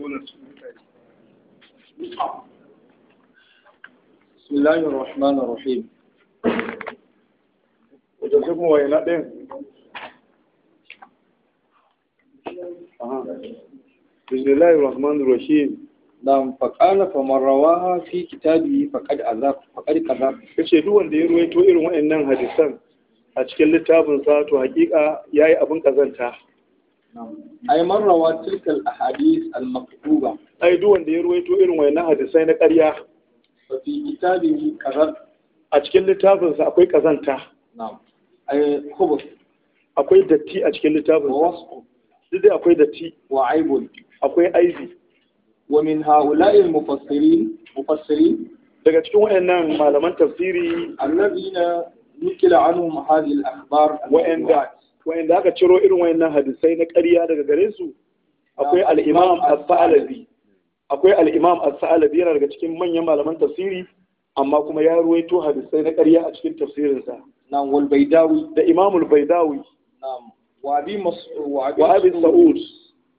بسم الله الرحمن الرحيم wajen kuma waina ɗin bismillahir rahmanir rahim dan fi kitabi faƙad azab faƙad kaza yace duk wanda ya ruwaito irin waɗannan hadisan a cikin littafin sa to hakika yayi abin kazanta ai marrawa tilkal ahadith al-maktuba ai duk wanda ya ruwaito irin wayannan hadisai na ƙarya fa fi kitabihi qazan a cikin littafinsa akwai kazanta na'am ai khubus akwai datti a cikin littafin duk dai akwai datti wa aibun akwai aibi wa min haula'il mufassirin mufassirin daga cikin wayannan malaman tafsiri annabina nukila anhum hadhihi al-akhbar wa'anda wa'anda aka ciro irin wayannan hadisai na ƙarya daga gare su akwai al-Imam As-Sa'labi akwai al-Imam As-Sa'labi yana daga cikin manyan malaman tafsiri amma kuma ya ruwaito hadisai na ƙarya a cikin tafsirinsa na'am wal Baidawi da Imam al-Baidawi na'am wa Abi Mas'ud wa Abi Sa'ud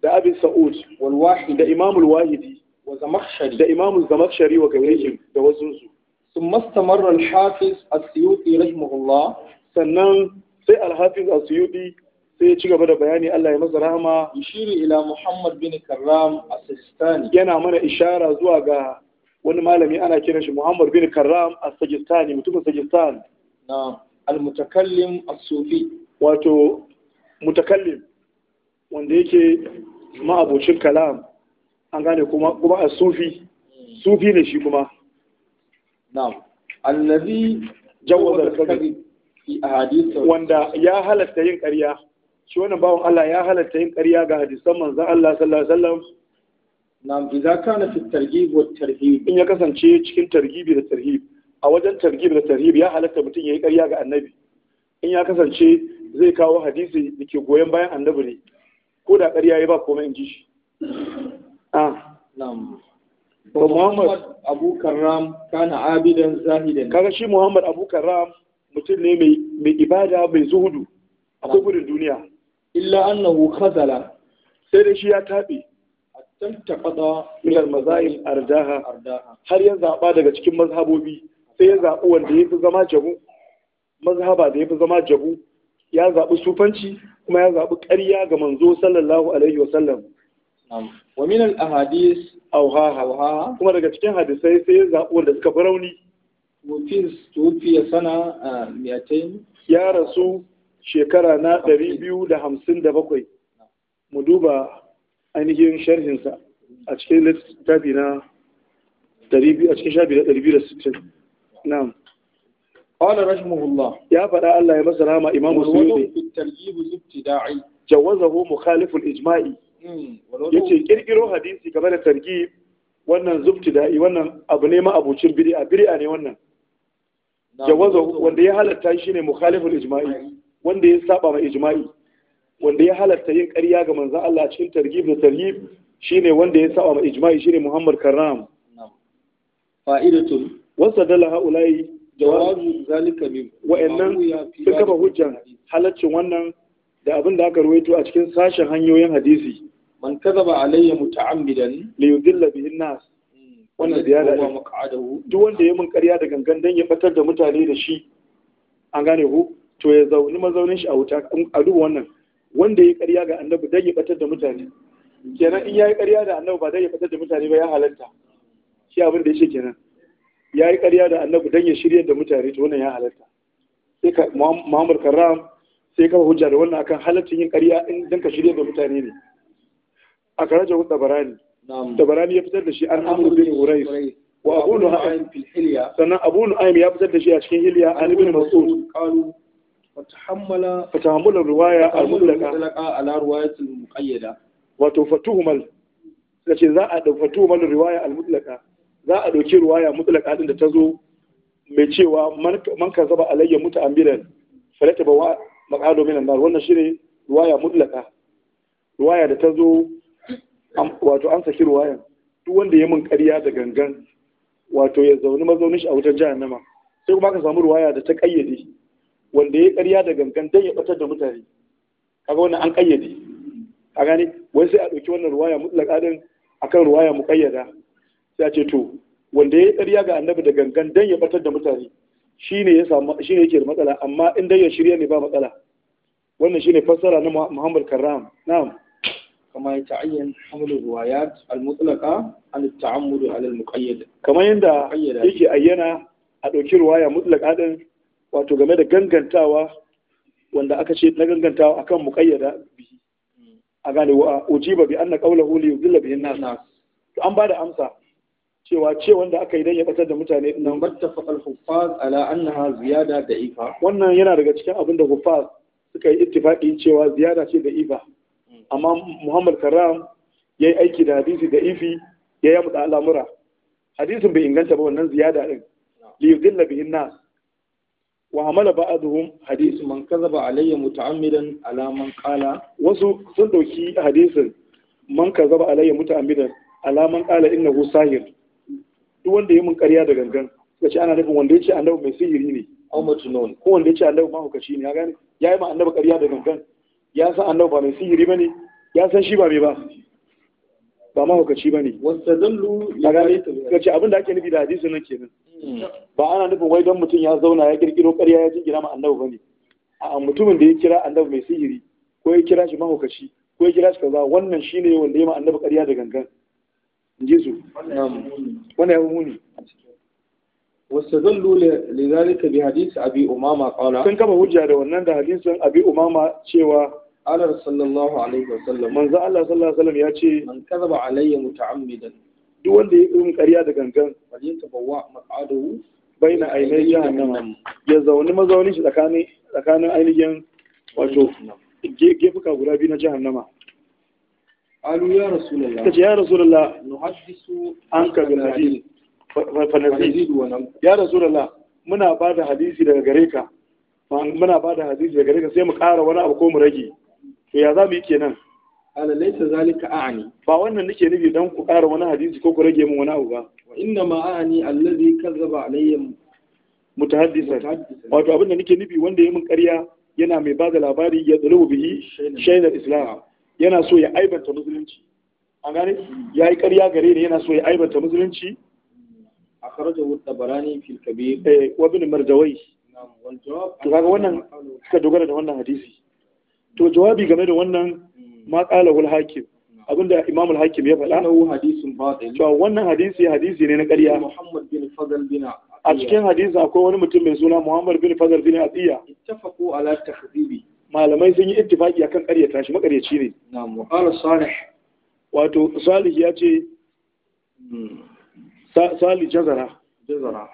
da Abi Sa'ud wal Wahid da Imam al-Wahidi wa Zamakhshari da Imam al-Zamakhshari wa gairihim da wasu su ثم استمر الحافظ السيوطي رحمه الله sannan sai alhafiz asuyudi sai ya ci gaba da bayani Allah ya masa rahama yushiru ila Muhammad bin Karram a sajistani yana mana ishara zuwa ga wani malami ana kiran shi Muhammad bin Karram a sajistani mutumin Sajistan na al-mutakallim sufi wato mutakallim wanda yake ma'abocin kalam an gane kuma kuma sufi hmm. sufi ne shi kuma Na allazi jawwaza al wanda ya halatta yin ƙarya shi wannan bawan Allah ya halatta yin ƙarya ga hadisan manzon Allah sallallahu alaihi wasallam nam idza kana fi targhib wa tarhib in ya kasance cikin targhibi da tarhib a wajen targhib da tarhib ya halatta mutum yayi ƙarya ga annabi in ya kasance zai kawo hadisi da ke goyon bayan annabi ne ko da ƙarya ya ba komai in ji shi ah nam Muhammad Abu Karam kana abidan zahidan kaga shi Muhammad Abu Karam mutum ne mai ibada mai zuhudu a gudun duniya illa annahu khazala sai da shi ya a tantaqada taɓaɗa milar mazahib ardaha har ya zaɓa daga cikin mazhabobi sai ya zaɓi wanda fi zama jabu mazhaba da fi zama jabu ya zaɓi sufanci kuma ya zaɓi ƙarya ga manzo sallallahu alaihi wa sallam wa min al-ahadith awhaha kuma daga cikin hadisai sai ya zaɓi wanda suka fi rauni tufiya sana a miyatain ya rasu shekara na ɗari biyu da hamsin da bakwai mu duba ainihin sharhinsa a cikin littafi na a na ɗari biyu da sittin ya faɗa Allah ya masa rama imam suyuti fi tarjib ibtida'i jawazahu mukhalif Ya ce ƙirƙiro hadisi game da targhib wannan zubti zubtida'i wannan abu ne ma abucin bid'a bid'a ne wannan jawazo wanda ya halatta shine mukhaliful ijma'i wanda ya saba ma ijma'i wanda ya halatta yin ƙarya ga manzo Allah cikin targhib da tarhib shine wanda ya saba ma ijma'i shine Muhammad Karram fa'idatun wasa dala haulai jawazu zalika min wa'annan sun kafa hujjan halaccin wannan da abin da aka ruwaito a cikin sashen hanyoyin hadisi man kadaba alayya muta'ammidan li yudilla bihi nas wannan ziyara ne duk wanda ya mun karya da gangan dan ya batar da mutane da shi an gane ku to ya zauni mazaunin shi a wuta a duba wannan wanda ya karya ga annabi dan ya batar da mutane kenan in yayi karya da annabi ba dan ya batar da mutane ba ya halatta shi abin da yake kenan yayi karya da annabi dan ya shirya da mutane to wannan ya halatta sai ka Muhammad karam sai ka hujja da wannan akan halaccin yin karya in dan ka shirya da mutane ne a karajar barani tabarani ya fitar da shi an amur bin hurais wa abu sannan abu nu'aym ya fitar da shi a cikin hilya an ibn mas'ud فتحمل ce الرواية المطلقة على رواية المقيدة وتفتهمل لكن ذا فتهمل الرواية المطلقة ذا mutlaka رواية مطلقة ta تزو mai cewa man ka zaba alayya muta ambiran falata ba wa maƙado minan nar wannan ruwaya mutlaka ruwaya da ta wato an saki ruwayan duk wanda ya min ƙarya da gangan wato ya zauni mazaunin shi a wutar jahannama sai kuma ka samu ruwaya da ta ƙayyade wanda ya ƙarya da gangan dan ya ɓatar da mutane kaga wannan an ƙayyade a gane wai sai a ɗauki wannan ruwaya mutlaka din akan ruwaya ƙayyada sai a ce to wanda ya ƙarya ga annabi da gangan dan ya ɓatar da mutane shine ya samu shine yake da matsala amma in dai ya shirya ne ba matsala wannan shine fassara na Muhammad Karram na'am ya كما يتعين حمل الروايات المطلقة عن التعمد على المقيد كما يندى يجي أينا أدوكي رواية مطلقة دين wato game da gangantawa wanda aka ce na gangantawa akan muqayyada bihi a gane wa ujiba bi anna qawluhu li yudilla bihi nas to an bada amsa cewa ce wanda aka yi dan ya batar da mutane nan battafaqa al-huffaz ala annaha ziyada da'ifa wannan yana daga cikin abin da huffaz suka yi ittifaqi cewa ziyada ce da'ifa amma muhammad karam ya yi aiki da hadisi da ifi ya yi mutu al'amura hadisin bai inganta ba wannan ziyada ɗin liyudilla bihin nas wa hamala duhun hadisi man ba alayya muta'ammidan ala alaman kala. wasu sun ɗauki hadisin man ba alayya muta'ammidan alaman kala qala innahu sahir duk wanda ya mun ƙarya da gangan yace ana nufin wanda ya yace annabi mai sihiri ne aw majnun ko wanda yace annabi mahaukaci ne ya gani ya yi ma annabi ƙarya da gangan ya san annabi ba mai sihiri ba ne ya san shi ba mai ba ba mahaukaci ba ne ga ce abin da ake nufi da hadisi nan kenan hmm. ba ana nufin wai don mutum ya zauna ya kirkiro ƙarya ya jingina ma annabi ba ne a mutumin da ya kira annabi mai sihiri ko ya kira shi mahaukaci ko ya kira shi kaza wannan shine wanda ya ma annabi karya da gangan in ji su wannan ya fi muni واستدلوا لذلك بحديث أبي أمامة قال سن كما وجه ده wannan da hadisin Abi Umama cewa Allah sallallahu alaihi wasallam manzo Allah sallallahu alaihi ya ce man kadaba alayya muta'ammidan duk wanda ya yi ƙarya da gangan wajen tabawwa maq'aduhu baina ainihin jahannama ya zauni mazaunin shi tsakanin ainihin wato gefuka guda biyu na jahannama alu ya rasulullah kace ya rasulullah nuhaddisu anka bil hadith ya rasulullah muna ba da hadisi daga gare ka muna ba da hadisi daga gare ka sai mu ƙara wani abu ko mu rage to ya za mu yi kenan ala laysa zalika a'ani ba wannan nake nufi dan ku ƙara wani hadisi ko ku rage min wani abu ba wa inna ma a'ani allazi kazzaba alayya mutahaddisan wato abin da nake nufi wanda ya min ƙarya yana mai ba da labari ya tsulubu bihi shaidar islam yana so ya aibanta musulunci an gane ya yi ƙarya gare ni yana so ya aibanta musulunci akhrajahu at-tabarani fil kabir eh wa ibn marjawai to kaga wannan suka dogara da wannan hadisi to jawabi game da wannan ma qala hul hakim abinda imam al-hakim ya faɗa annahu hadisin batil to wannan hadisi hadisi ne na ƙarya muhammad bin fadl bin a cikin hadisi akwai wani mutum mai suna muhammad bin fadl bin atiya ittafaqu ala takhdibi malamai sun yi ittifaqi akan ta shi makaryaci ne na'am wa qala salih wato salih ya ce sali jazara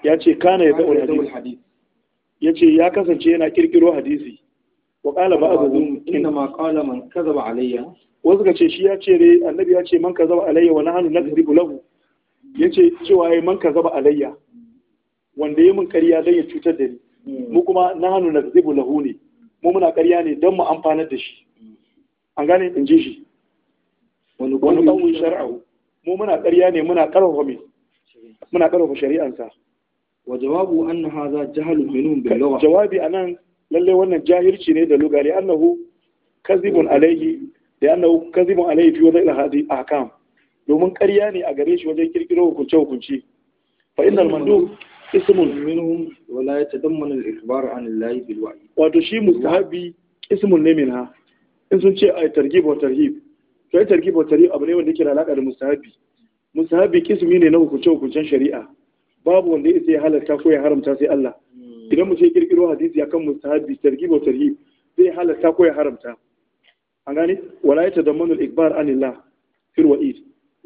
ya ce kana ya taɓa hadisi ya ce ya kasance yana ƙirƙiro hadisi wa kala ba abu inna ma kala man zaba alayya wasu ka ce shi ya ce ne annabi ya ce man zaba alayya wa na nakzibu lahu ya ce cewa ya man zaba alayya wanda ya mun karya don ya cutar da ni hmm. mu kuma na na nakzibu lahu ne mu muna karya ne don mu amfanar da shi an gane in ji shi wani ƙawun shar'ahu mu muna karya ne muna ƙarfafa mai muna karfafa shari'ansa wa jawabu anna hadha jahalu minhum bil lugha jawabi anan lalle wannan jahilci ne da lugha li annahu kadhibun alayhi da annahu kadhibun alayhi fi wadai al ahkam domin ƙarya ne a gare shi wajen kirkiro hukunce hukunci fa innal Mandu? ismun minhum wa la yatadammanu al-ikhbar an allahi bil wa'i wato shi mustahabi ismun ne minha in sun ce ay targhib wa tarhib to ay targhib wa tarhib abu ne wanda yake da alaka da mustahabi musahabi kismi ne na hukunce-hukuncen shari'a babu wanda ya ya halatta ko ya haramta sai Allah hmm. idan mutum ya kirkiro hadisi akan musahabi targhib wa tarhib zai halatta ko ya haramta an gane wala ya tadammanu al-ikbar anillah fil wa'id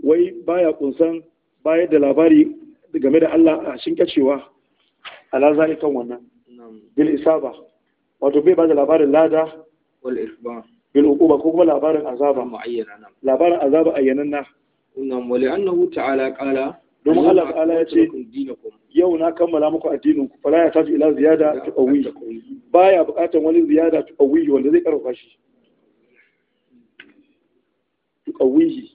wai baya kunsan bayar da labari game da Allah a shinkacewa ala zalikan wannan bil isaba wato bai ba da labarin lada wal ikbar bil uquba ko kuma labarin azaba muayyana labarin azaba na. Nam wali annahu ta'ala qala domin Allah ta'ala ya ce yau na kammala muku addinin ku fala ya tafi ila ziyada ta qawi baya buƙatar wani ziyada ta qawi wanda zai karfafa shi ta qawi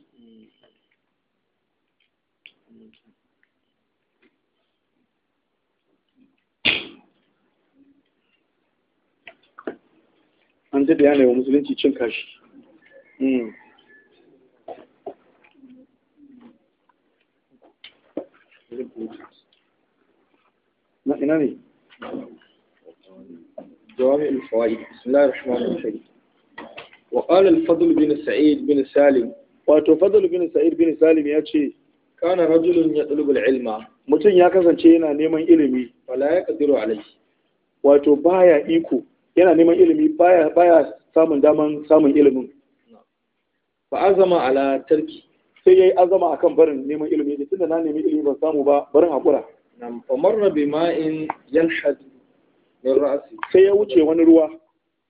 an daɗe yana yi wa musulunci cin kashi hmm. na ina ne جوامع الفوائد بسم wato fadl bin sa'id bin salim ya ce kana rajulun ya dalibul ilma mutum ya kasance yana neman ilimi wala ya kadiru alai wato baya iko yana neman ilimi baya baya samun daman samun ilimin fa azama ala tarki sai yayi azama akan barin neman ilimi da tunda na nemi ilimi ban samu ba barin hakura nam famarra bima'in yalhad min ra'si sai ya wuce wani ruwa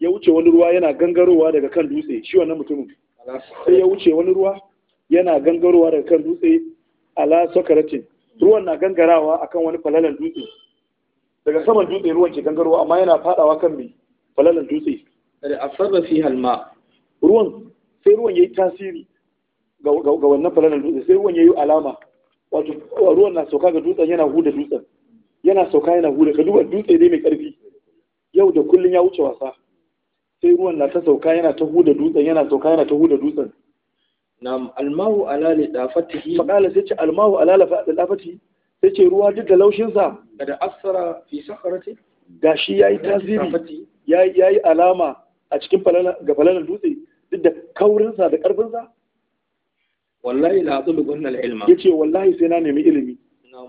ya wuce wani ruwa yana gangarowa daga kan dutse shi wannan mutumin sai ya wuce wani ruwa yana gangarowa daga kan dutse ala sokaratin ruwan na gangarawa akan wani falalan dutse daga saman dutse ruwan ke gangarowa amma yana fadawa kan mai falalan dutse da asarra fi halma ruwan sai ruwan yayi tasiri ga wannan falalar dutse sai ruwan ya yi alama wato ruwan na sauka ga dutsen yana huda dutsen yana sauka yana huda ka duba dutse dai mai karfi yau da kullun ya wuce wasa sai ruwan na ta sauka yana ta huda dutsen yana sauka yana ta huda dutsen nam almahu ala li dafatihi faqala sai ce almahu ala fa dafatihi sai ce ruwa duk da laushin sa da asara fi sakarati gashi yayi tasiri yayi yayi alama a cikin falalar ga falalar dutse duk da kaurin sa da karfin sa wallahi la al-ilma yace wallahi sai na nemi ilimi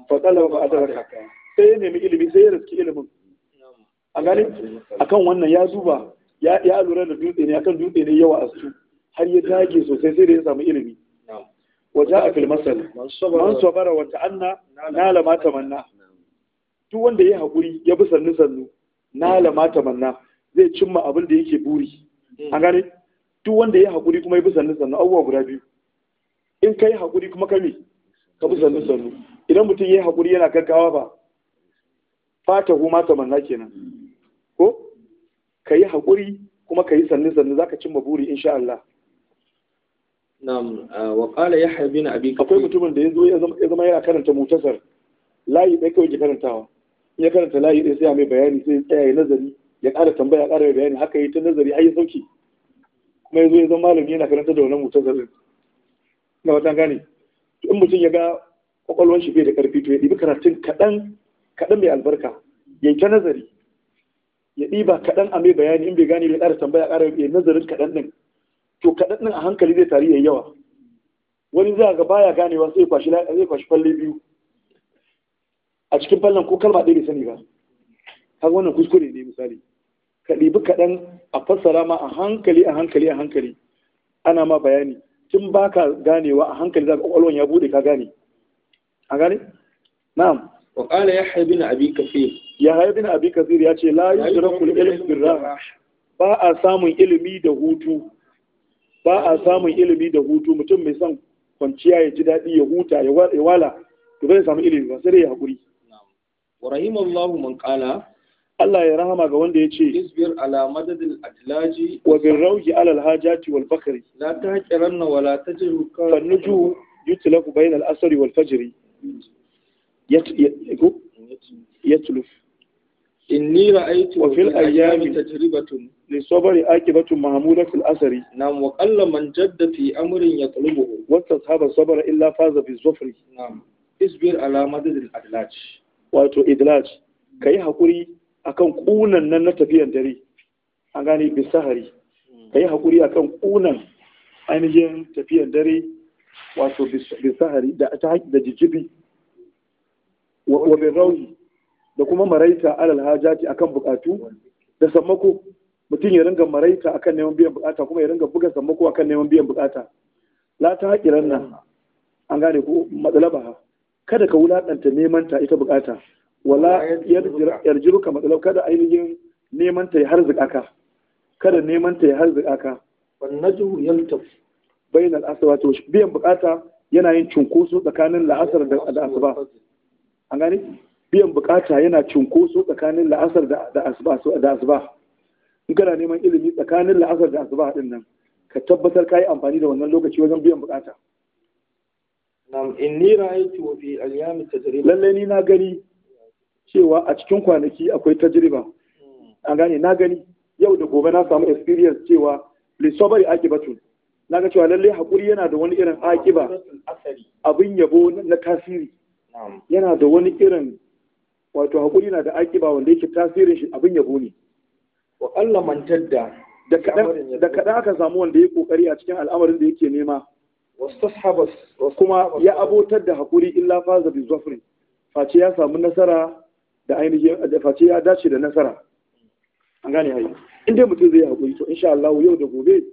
fa talaba fa adraka sai ya nemi ilimi sai ya riski ilimin a gani akan wannan ya zuba ya lura da dutse ne akan dutse ne yawa a su har ya dage sosai sai da ya samu ilimi Waje a filmasar man sabara wa ta'anna nala ma tamanna duk wanda ya haƙuri ya bi sannu sannu nala ma tamanna zai cimma abin da yake buri hmm. A gani duk wanda ya haƙuri kuma ya bi sannu sannu abubuwa guda biyu in kai haƙuri kuma ka ka bi sannu sannu idan mutum yi haƙuri yana gaggawa ba fata huma ta manna kenan ko ka yi haƙuri kuma ka yi sannu sannu ka cimma buri insha Allah na'am wa ya yahya bin abi akwai mutumin da ya zo ya zama yana karanta mutasar layi ɗai kawai ke karantawa in ya karanta layi ɗai sai ya mai bayani sai ya yi nazari ya ƙara tambaya ya ƙara mai bayani haka yi ta nazari har ya sauki kuma ya zo ya zama malami yana karanta da wannan mutasar ɗin na wata gane in mutum ya ga kwakwalwar shi bai da karfi to ya ɗibi karatun kaɗan kaɗan mai albarka ya ta nazari ya ɗiba kaɗan a mai bayani in bai gane bai ƙara tambaya ƙara ya nazarin kaɗan ɗin to kaɗan ɗin a hankali zai tari ya yawa wani za ga baya ganewa sai kwashi zai kwashi falle biyu a cikin fallan ko kalma ɗaya bai sani ba har wannan kuskure ne misali ka ɗibi kaɗan a fassara ma a hankali a hankali a hankali ana ma bayani tun ba ka ganewa a hankali za ka ƙwaƙwalwan ya bude ka gane a gane na'am wa qala haibi na abi Ya haibi na abi kathir ya ce la da al-ilm bir ba a samun ilimi da hutu ba a samun ilimi da hutu mutum mai son kwanciya ya ji daɗi ya huta ya wala to zai samu ilimi ba sai dai ya haƙuri wa rahimallahu man qala Allah ya rahama ga wanda ya ce isbir ala madadil ajlaji wa bin rauji ala alhajati wal bakari la tahqiranna wa la tajru ka fan nuju yutlaqu bayna al asr wal fajr yatluf inni ra'aytu wa fil ayyami tajribatun li sabri akibatu mahmuda fil asri nam wa qalla man jadda fi amrin yatlubuhu wa tashaba sabra illa faza fi zufri nam isbir ala madadil adlaj wato ka yi hakuri akan kunan nan na tafiyan dare an gane bisahari hmm. ka yi haƙuri akan kunan ainihin tafiyan dare wato bisahari da da jijibi wa birrauni da kuma maraita alal hajati akan bukatu da sammako mutum ya ringa maraita akan neman biyan bukata kuma ya ringa buga sammako akan neman biyan bukata la ta haƙi nan an gane ko matsalaba kada ka wulaɗanta neman ta ita bukata wala yarjiru ka matsalau kada ainihin neman ta ya harzika ka kada neman ta ya harzika ka wan najmu yaltaf bainal asaba to biyan bukata yana yin cunkoso tsakanin la'asar da asuba an gani biyan bukata yana cunkoso tsakanin la'asar da asuba da asuba in kana neman ilimi tsakanin la'asar da asuba din nan ka tabbatar ka yi amfani da wannan lokaci wajen biyan bukata nam inni ra'aytu fi ayyami tajrib lalle ni na gani cewa a cikin kwanaki akwai tajriba an gane na gani yau da gobe na samu experience cewa lissobari akibatun na ga cewa lallai haƙuri yana da wani irin akiba abin yabo na tasiri yana da wani irin wato haƙuri na da akiba wanda yake tasirin shi abin yabo ne wa Allah mantar da da kaɗan aka samu wanda ya ƙoƙari a cikin al'amarin da yake nema kuma ya abotar da haƙuri illa faza bi zafrin face ya samu nasara da ainihin da face ya dace da nasara an gane hayi in dai mutum zai haƙuri to insha Allah yau da gobe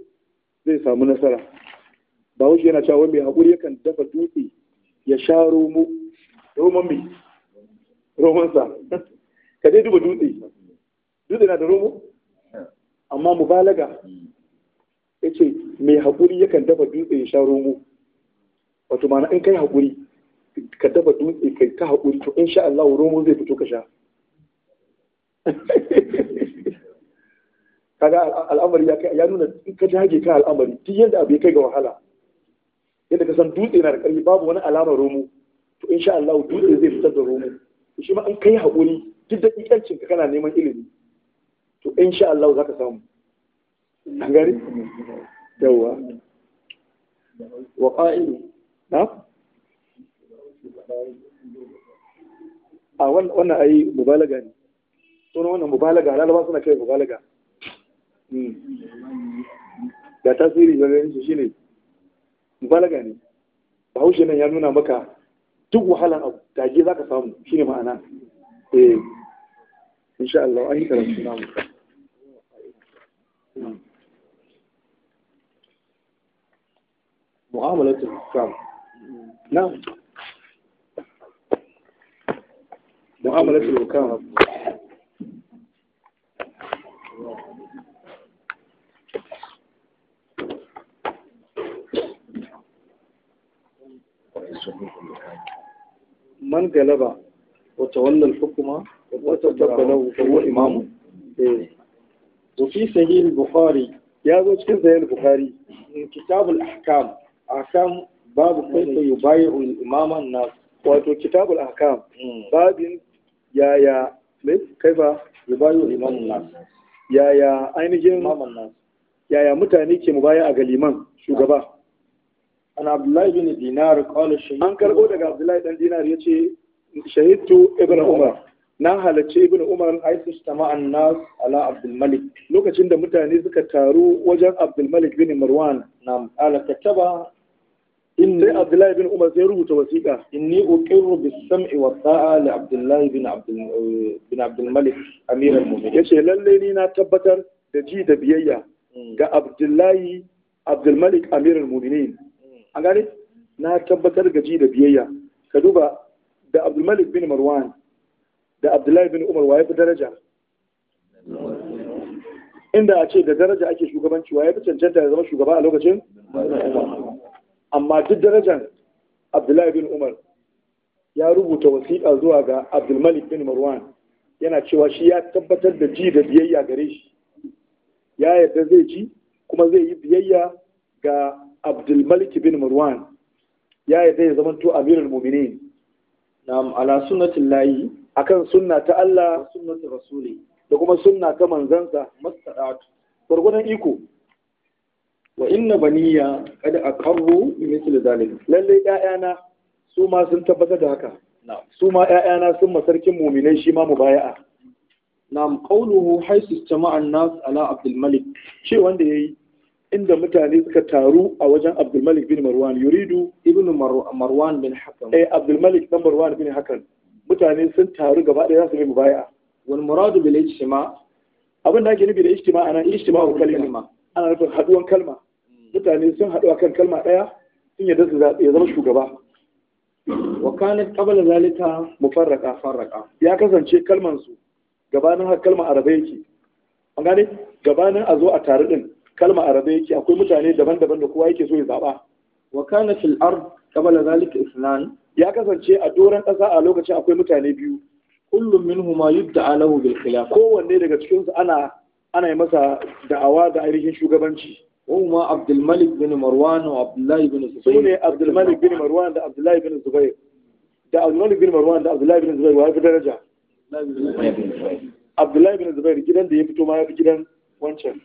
zai samu nasara ba wuce yana cewa mai haƙuri yakan dafa dutse ya sha romo roman mai romansa ka dai duba dutse dutse na da romo amma mubalaga ya ce mai haƙuri yakan dafa dutse ya sha romo wato mana in kai haƙuri ka dafa dutse kai ta haƙuri to in sha Allah romo zai fito ka sha kaga al'amari ya nuna ka jage ka al'amari duk yadda abu ya kai ga wahala yadda ka san dutse na da ƙarfi babu wani alamar romo to in sha Allah dutse zai fitar da romo shi ma an kai haƙuri duk da ƙiƙancin ka kana neman ilimi to in sha Allah za ka samu an gari yawwa wa qa'ilu na a wannan ayi mubalaga ne sunan wannan mubalaga lalaba suna kai mubalaga da hmm. tasiri da ganin su shine mubalaga ne bahaushe nan ya nuna maka duk wahalan abu tage za ka samu shine ma'ana eh insha Allah an yi karatu na mu mu'amalatul kam na'am mu'amalatul hukam man galaba wata wannan hukuma wata imamu wato kitabul ahkam hmm. babin yaya kaifa nas yaya ainihin yaya mutane ke mubaya a galiman shugaba an abdullahi bin dinar qala shi an karbo daga abdullahi dan dinar yace shahidtu ibn umar na halarci ibn umar aisu tama'an nas ala abdul lokacin da mutane suka taru wajen abdul bin marwan nam ala kataba sai abdullahi bin umar sai rubuta wasiƙa inni uqirru bis sam'i wa ta'a li abdullahi bin abdul eh, bin abdul malik amir al mu'minin yace lalle ni na tabbatar da ji da biyayya hmm. ga abdullahi abdul malik amir al mu'minin hmm. an gane na tabbatar ga ji da biyayya ka duba da abdul malik bin marwan da abdullahi bin umar waye fi daraja inda a ce da daraja ake shugabanci waye fi cancanta ya zama shugaba a lokacin amma duk darajar abdullahi bin umar ya rubuta wasiƙa zuwa ga abdulmalik bin marwan yana cewa shi ya tabbatar da ji da biyayya gare shi ya yarda zai ji kuma zai yi biyayya ga abdulmalik bin marwan ya yarda ya zamanto amirul mu'minin na'am ala sunnatin layi akan sunna ta Allah sunnatin rasuli da kuma sunna ta manzansa mastadatu gurgunan iko wa inna baniya kada a karro misali zalik lallai ƴaƴana su ma sun tabbatar da haka su ma ƴaƴana sun masarkin muminai shi ma mu baya'a na'am qawluhu haythu jama'a an-nas ala abdul malik ce wanda yayi inda mutane suka taru a wajen abdul malik bin marwan yuridu ibnu marwan bin hakan eh abdul malik dan marwan bin hakan mutane sun taru gaba ɗaya za su yi mubaya'a wal muradu bil ijtima abin da ake nufi da ijtima ana ijtima'u kalima ana nufin haduwan kalma mutane sun haɗu a kan kalma ɗaya sun yadda su ya zama shugaba wa ƙabala qabla zalika mufarraqa farraqa ya kasance kalman su gabanin har kalma arabe yake an gane gabanin a zo a tare ɗin kalma arabe yake akwai mutane daban-daban da kowa yake so ya zaba wa kana fil ard qabla zalika ya kasance a doran ƙasa a lokacin akwai mutane biyu kullum min huma yudda'a lahu bil khilafa kowanne daga cikinsu ana ana yi masa da'awa da ainihin shugabanci وهما عبد الملك بن مروان وعبد الله بن زبير سوني عبد الملك بن مروان ده عبد الله بن زبير ده عبد الملك بن مروان ده عبد الله بن زبير gidan da ya fito ma ya fi gidan wancan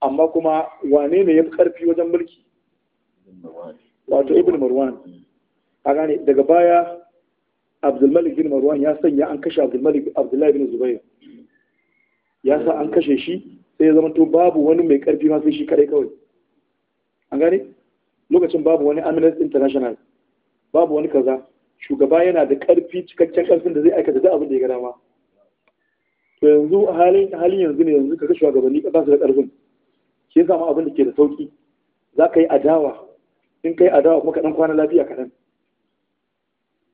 amma kuma wane ne ya fi karfi wajen mulki wato ibn marwan a gane daga baya abdulmalik bin marwan ya sanya an kashe abdulmalik abdullahi bin zubair ya sa an kashe shi sai ya to babu wani mai karfi ma sai shi kare kawai an gane lokacin babu wani amnesty international babu wani kaza shugaba yana da karfi cikakken karfin da zai aikata duk abin da ya ga dama to yanzu halin halin yanzu ne yanzu kaga shugabanni ba su da karfin shi yasa ma abin da ke da sauki za ka yi adawa in kai adawa kuma ka dan kwana lafiya kaɗan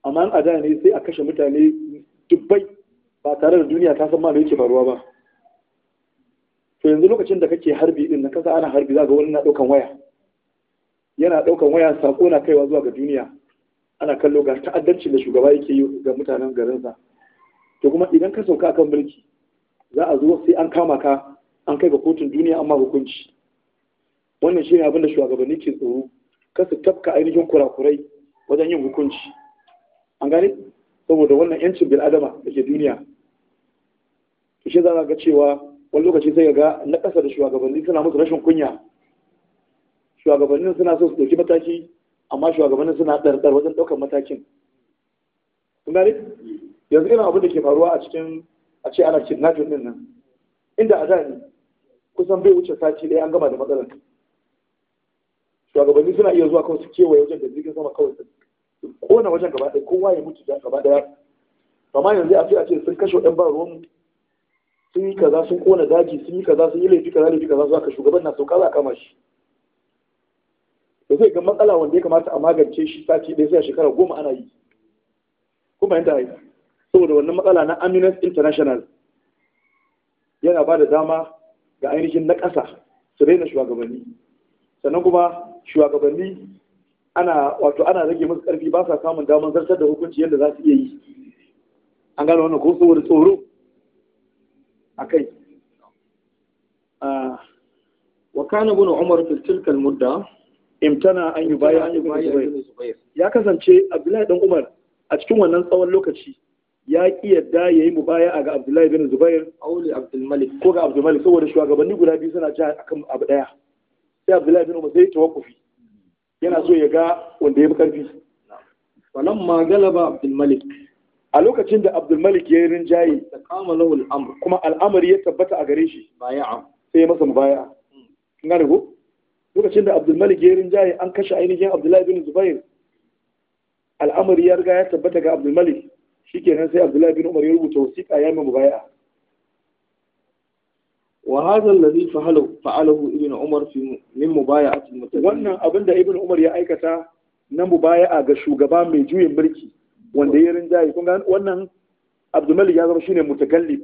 amma in adawa ne sai a kashe mutane dubbai ba tare da duniya ta san ma da yake faruwa ba to yanzu lokacin da kake harbi din na kasa ana harbi za wani na ɗaukan waya yana ɗaukan waya sako na kaiwa zuwa ga duniya ana kallo ga ta'addanci da shugaba yake yi ga mutanen garinsa to kuma idan ka sauka kan mulki za a zo sai an kama ka an kai ga kotun duniya amma hukunci wannan shine abin da shugabanni ke tsoro ka su tafka ainihin kurakurai wajen yin hukunci an gane saboda wannan yancin bil'adama da ke duniya to shi za ga cewa wani lokaci sai ga na ƙasa da shugabanni suna musu rashin kunya shugabannin suna so su ɗauki mataki amma shugabannin suna ɗarɗar wajen ɗaukar matakin kun yanzu irin abin da ke faruwa a cikin a ce ana kidnapping din nan inda a da ne kusan bai wuce sati ɗaya an gama da matsalar shugabanni suna iya zuwa kawai su kewaye wajen da jirgin sama kawai su kona wajen gaba ɗaya kowa ya mutu gaba ɗaya amma yanzu a ce a ce sun kashe ɗan ba ruwan sun yi kaza sun kona daji sun yi kaza sun yi laifi kaza laifi kaza za ka shugaban na sauka za kama shi da zai ga matsala wanda ya kamata a magance shi sati ɗaya sai shekara goma ana yi kuma yadda a yi saboda wannan matsala na Amnesty International yana ba da dama ga ainihin na ƙasa su daina shugabanni sannan kuma shugabanni ana wato ana rage musu ƙarfi ba sa samun damar zartar da hukunci yadda za su iya yi an gano wannan ko saboda tsoro akai wa kana ibn umar fil tilka mudda imtana an yubaya an yubaya ya kasance abdullahi dan umar a cikin wannan tsawon lokaci ya ki yadda yayi mubaya ga abdullahi bin zubair auli abdul malik ko ga abdul malik saboda shugabanni guda biyu suna ja akan abu daya sai abdullahi bin umar sai tawakkufi yana so ya ga wanda ya fi karfi ma galaba abdul malik a lokacin da abdulmalik ya yi rinjaye kuma al'amari ya tabbata a gare shi sai ya masa mubaya hmm. kin a ko lokacin da abdulmalik ya yi rinjaye an kashe ainihin abdullahi bin zubair al'amari ya riga ya tabbata ga abdulmalik nan sai abdullahi bin umar ya rubuta wasiƙa ya yi mubaya وهذا الذي فعله فعله ابن عمر في من مبايعة mutane. wannan abin da ibn umar ya aikata na mubaya'a ga shugaba mai juyin mulki wanda ya rinjaye kun ga wannan abdulmalik ya zama shine mutakallif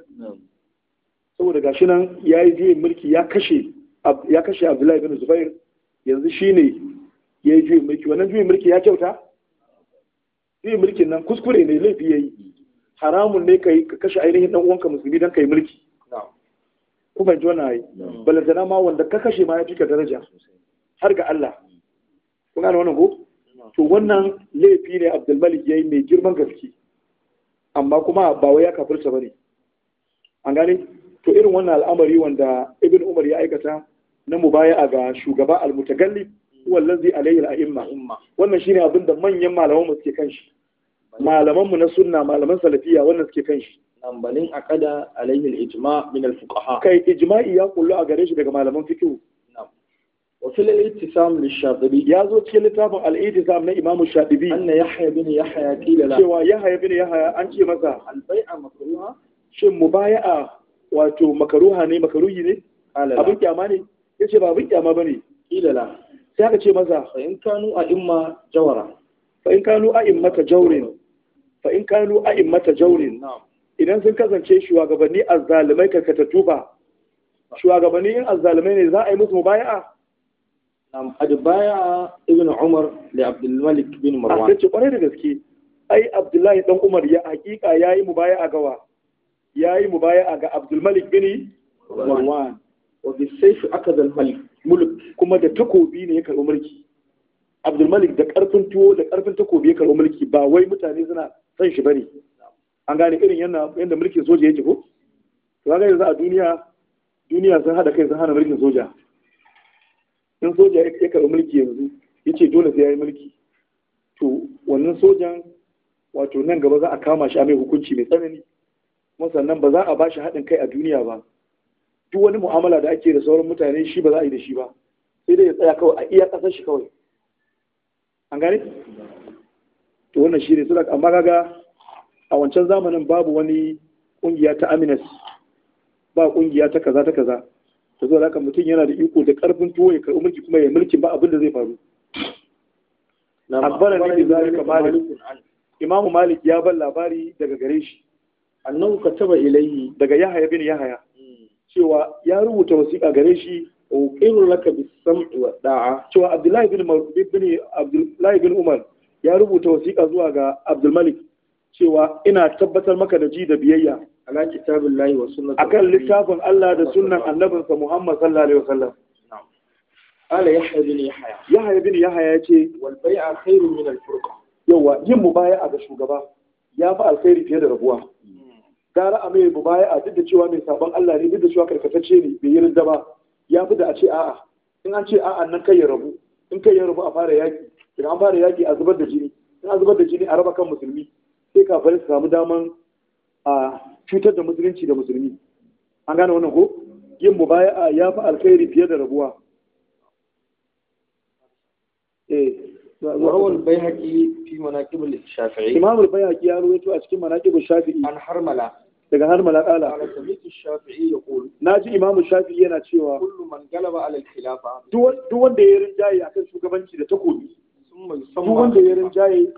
saboda gashi nan ya yi juyin mulki ya kashe ya kashe abdullahi bin zubair yanzu shine ya yi juyin mulki wannan juyin mulki ya kyauta juyin mulkin nan kuskure ne laifi ya yi haramun ne ka kashe ainihin dan uwanka musulmi dan kai mulki ku ban jona yi balantana ma wanda ka kashe ma ya fi ka daraja har ga Allah kun gane wannan ko to wannan laifi ne abdulmalik ya yi mai girman gaske amma kuma ba wai ya kafirta ba ne an gane to irin wannan al'amari wanda ibn umar ya aikata na a ga shugaba al-mutagalli zai alayhi a imma. wannan shine abin da manyan malaman mu suke kan shi malaman mu na sunna malaman salafiya wannan suke kan shi ambalin aqada alayhi al-ijma' min al-fuqaha kai ijma'i ya kullu a gare shi daga malaman fiqh وفي الاتسام للشاطبي يا زوج كل تابع الاتسام لإمام الشاطبي أن يحيى بن يحيى قيل له شوى يحيى بن يحيى أنت ماذا البيعة مكروهة شو مبايعة واتو مكروهة ني مكروهي ني أبن كياما ني يشي بابن كياما بني قيل له سيحكي شي ماذا فإن كانوا أئمة جورا فإن كانوا أئمة جور فإن كانوا أئمة جور نعم idan sun kasance shugabanni azzalimai karkatattu ba shugabanni in azzalimai ne za a yi musu mubaya'a Qad baya Ibn Umar da Abdulmalik bin ah, Marwan. A ce kwarai da gaske ai Abdullahi dan Umar ya hakika ya yi mu baya a gawa. Ya yi mu baya a ga Abdulmalik bin Marwan. Wa bi sayfi akadha al-mulk kuma da takobi ne ya karɓi mulki. Abdulmalik da ƙarfin tuwo da ƙarfin takobi ya karɓi mulki ba wai mutane suna son shi bane. An gane irin yana yadda mulkin soja yake ko? ka ga yanzu a duniya duniya sun hada kai sun hana mulkin soja. in soja ya karɓi mulki yanzu ya ce dole sai ya yi mulki to wannan sojan wato nan gaba za a kama shi a mai hukunci mai tsanani kuma sannan ba za a ba shi haɗin kai a duniya ba duk wani mu'amala da ake da sauran mutane shi ba za a yi da shi ba sai dai ya tsaya kawai a iya ƙasar shi kawai an gane to wannan shi ne sulak amma kaga a wancan zamanin babu wani ƙungiya ta aminas ba ƙungiya ta kaza ta kaza ta zo haka mutum yana da iko da karfin tuwo ya karɓi mulki kuma ya mulki ba abin da zai faru akbara ne da zalika malik imamu malik ya bar labari daga gare shi annahu kataba ilayhi daga yahaya bin yahaya hmm. cewa ya rubuta wasiƙa gare shi uqiru laka bis-sam'i wa da'a cewa abdullahi bin bin abdullahi bin umar ya rubuta wasiƙa zuwa ga abdul malik cewa ina tabbatar maka da ji da biyayya akan littafin Allah da sunan annabinsa Muhammad sallallahu alaihi wasallam ala yahya bin yahya yahya bin yahya yace wal bai'a khairun min al furqa yawa yin mubaya'a ga shugaba ya fi alkhairi fiye da rabuwa hmm. gara a mai mubaya'a duk da cewa mai sabon Allah ne duk da cewa karkatacce ne bai yi rinda ba ya fi da a ce a'a in an ce a'a nan kai ya rabu in kai ya rabu a fara yaki idan an fara yaki a zubar da jini in an zubar da jini a raba kan musulmi sai kafirai su samu daman a cutar da musulunci da musulmi an gane wannan ko yin mu baya ya fi alkhairi fiye da rabuwa وروى البيهقي في مناقب الشافعي امام البيهقي يروي a cikin مناقب الشافعي an harmala daga harmala qala sami'tu shafi'i yaqul naji imam shafi'i yana cewa kullu man galaba ala al-khilafa duk wanda ya rinjaye akan shugabanci da takobi duk wanda ya rinjaye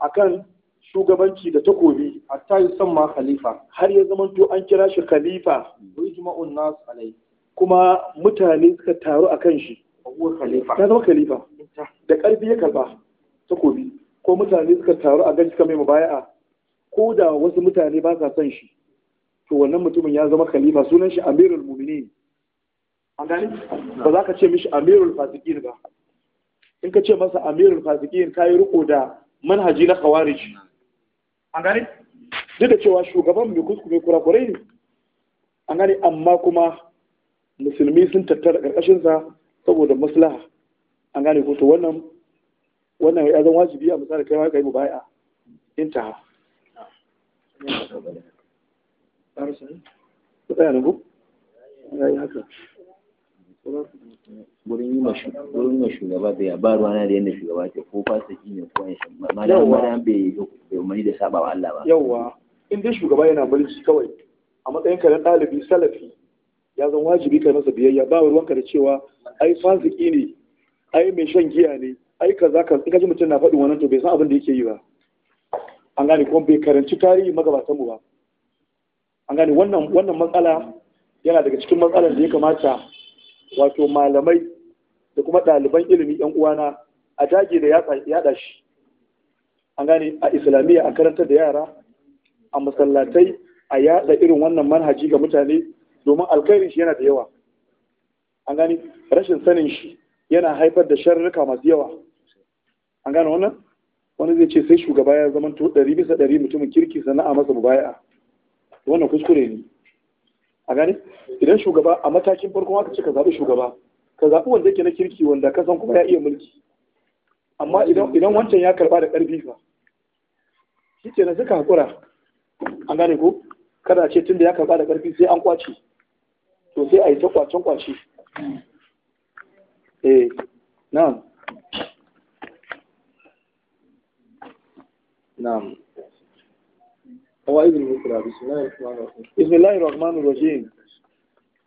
akan shugabanci da takobi a hatta ma khalifa har ya zama to an kira shi khalifa wa ijma'un nas alai kuma mutane suka taru akan shi khalifa ya zama khalifa da karfi ya karba takobi ko mutane suka taru a gaji mai mubaya'a ko da wasu mutane ba sa son shi to wannan mutumin ya zama khalifa sunan shi amirul mu'minin an gani ba za ka ce mishi amirul fasikin ba in ka ce masa amirul fasikin yi riko da manhaji na khawarij an gane duk da cewa shugaban mai kuskure kurakurai ne an gane amma kuma musulmi sun tattara ƙarƙashinsa saboda maslaha an gane ko to wannan wannan ya zan wajibi a misali kai ma kai mu bai'a intaha tsaya na ku ya haka gurin yi ma gurin ma shugaba da ya ba na da yadda shugaba ke ko fasiki ne ko ya shan malam malam bai bai mai da saba wa Allah ba yawa in dai shugaba yana mulki kawai a matsayin ka na ɗalibi salafi ya zan wajibi ka masa biyayya ba ruwanka da cewa ai fasiki ne ai mai shan giya ne ai kaza ka in ka ji mutum na faɗin wannan to bai san abin da yake yi ba an gane kuma bai karanci tarihi magabatan mu ba an gane wannan wannan matsala yana daga cikin matsalar da ya kamata wato malamai da kuma ɗaliban ilimi yan uwana a dage da yaɗa shi an gane a islamiyya a karanta da yara a masallatai a yada irin wannan manhaji ga mutane domin alkhairin shi yana da yawa an gane rashin sanin shi yana haifar da sharrika masu yawa an gane wannan wani zai ce sai shugaba ya zama to ɗari bisa ɗari mutumin kirki sana'a, masa mubaya'a wannan kuskure ne a gani idan shugaba a matakin farko aka ce ka zaɓi shugaba ka zaɓi wanda yake na kirki wanda ka san kuma ya iya mulki amma idan wancan ya karɓa da ƙarfi fa shi ce na suka haƙura a gane ko kada ce tun da ya karɓa da ƙarfi sai an kwace to sai a yi ta kwacen kwace eh na'am na'am فوائد الوتر بسم الله الرحمن الرحيم بسم الله الرحمن الرحيم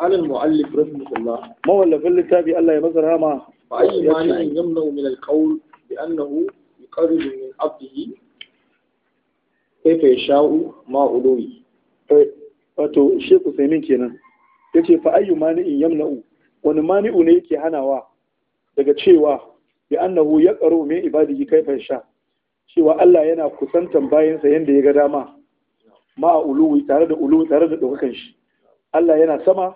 على المؤلف رحمه الله ما ولا في الكتاب الله يبصر ما فأي مانع يمنع من القول بأنه يقرب من عبده كيف يشاء ما أولوي wato shi kusaimin kenan ya ce fa ayyu mani'in yamna'u wani mani'u ne yake hanawa daga cewa bi annahu ya karo min ibadihi kaifa sha cewa Allah yana kusantan bayansa yanda ya ga dama ma uluwi tare da uluwi tare da ɗaukakan shi Allah yana sama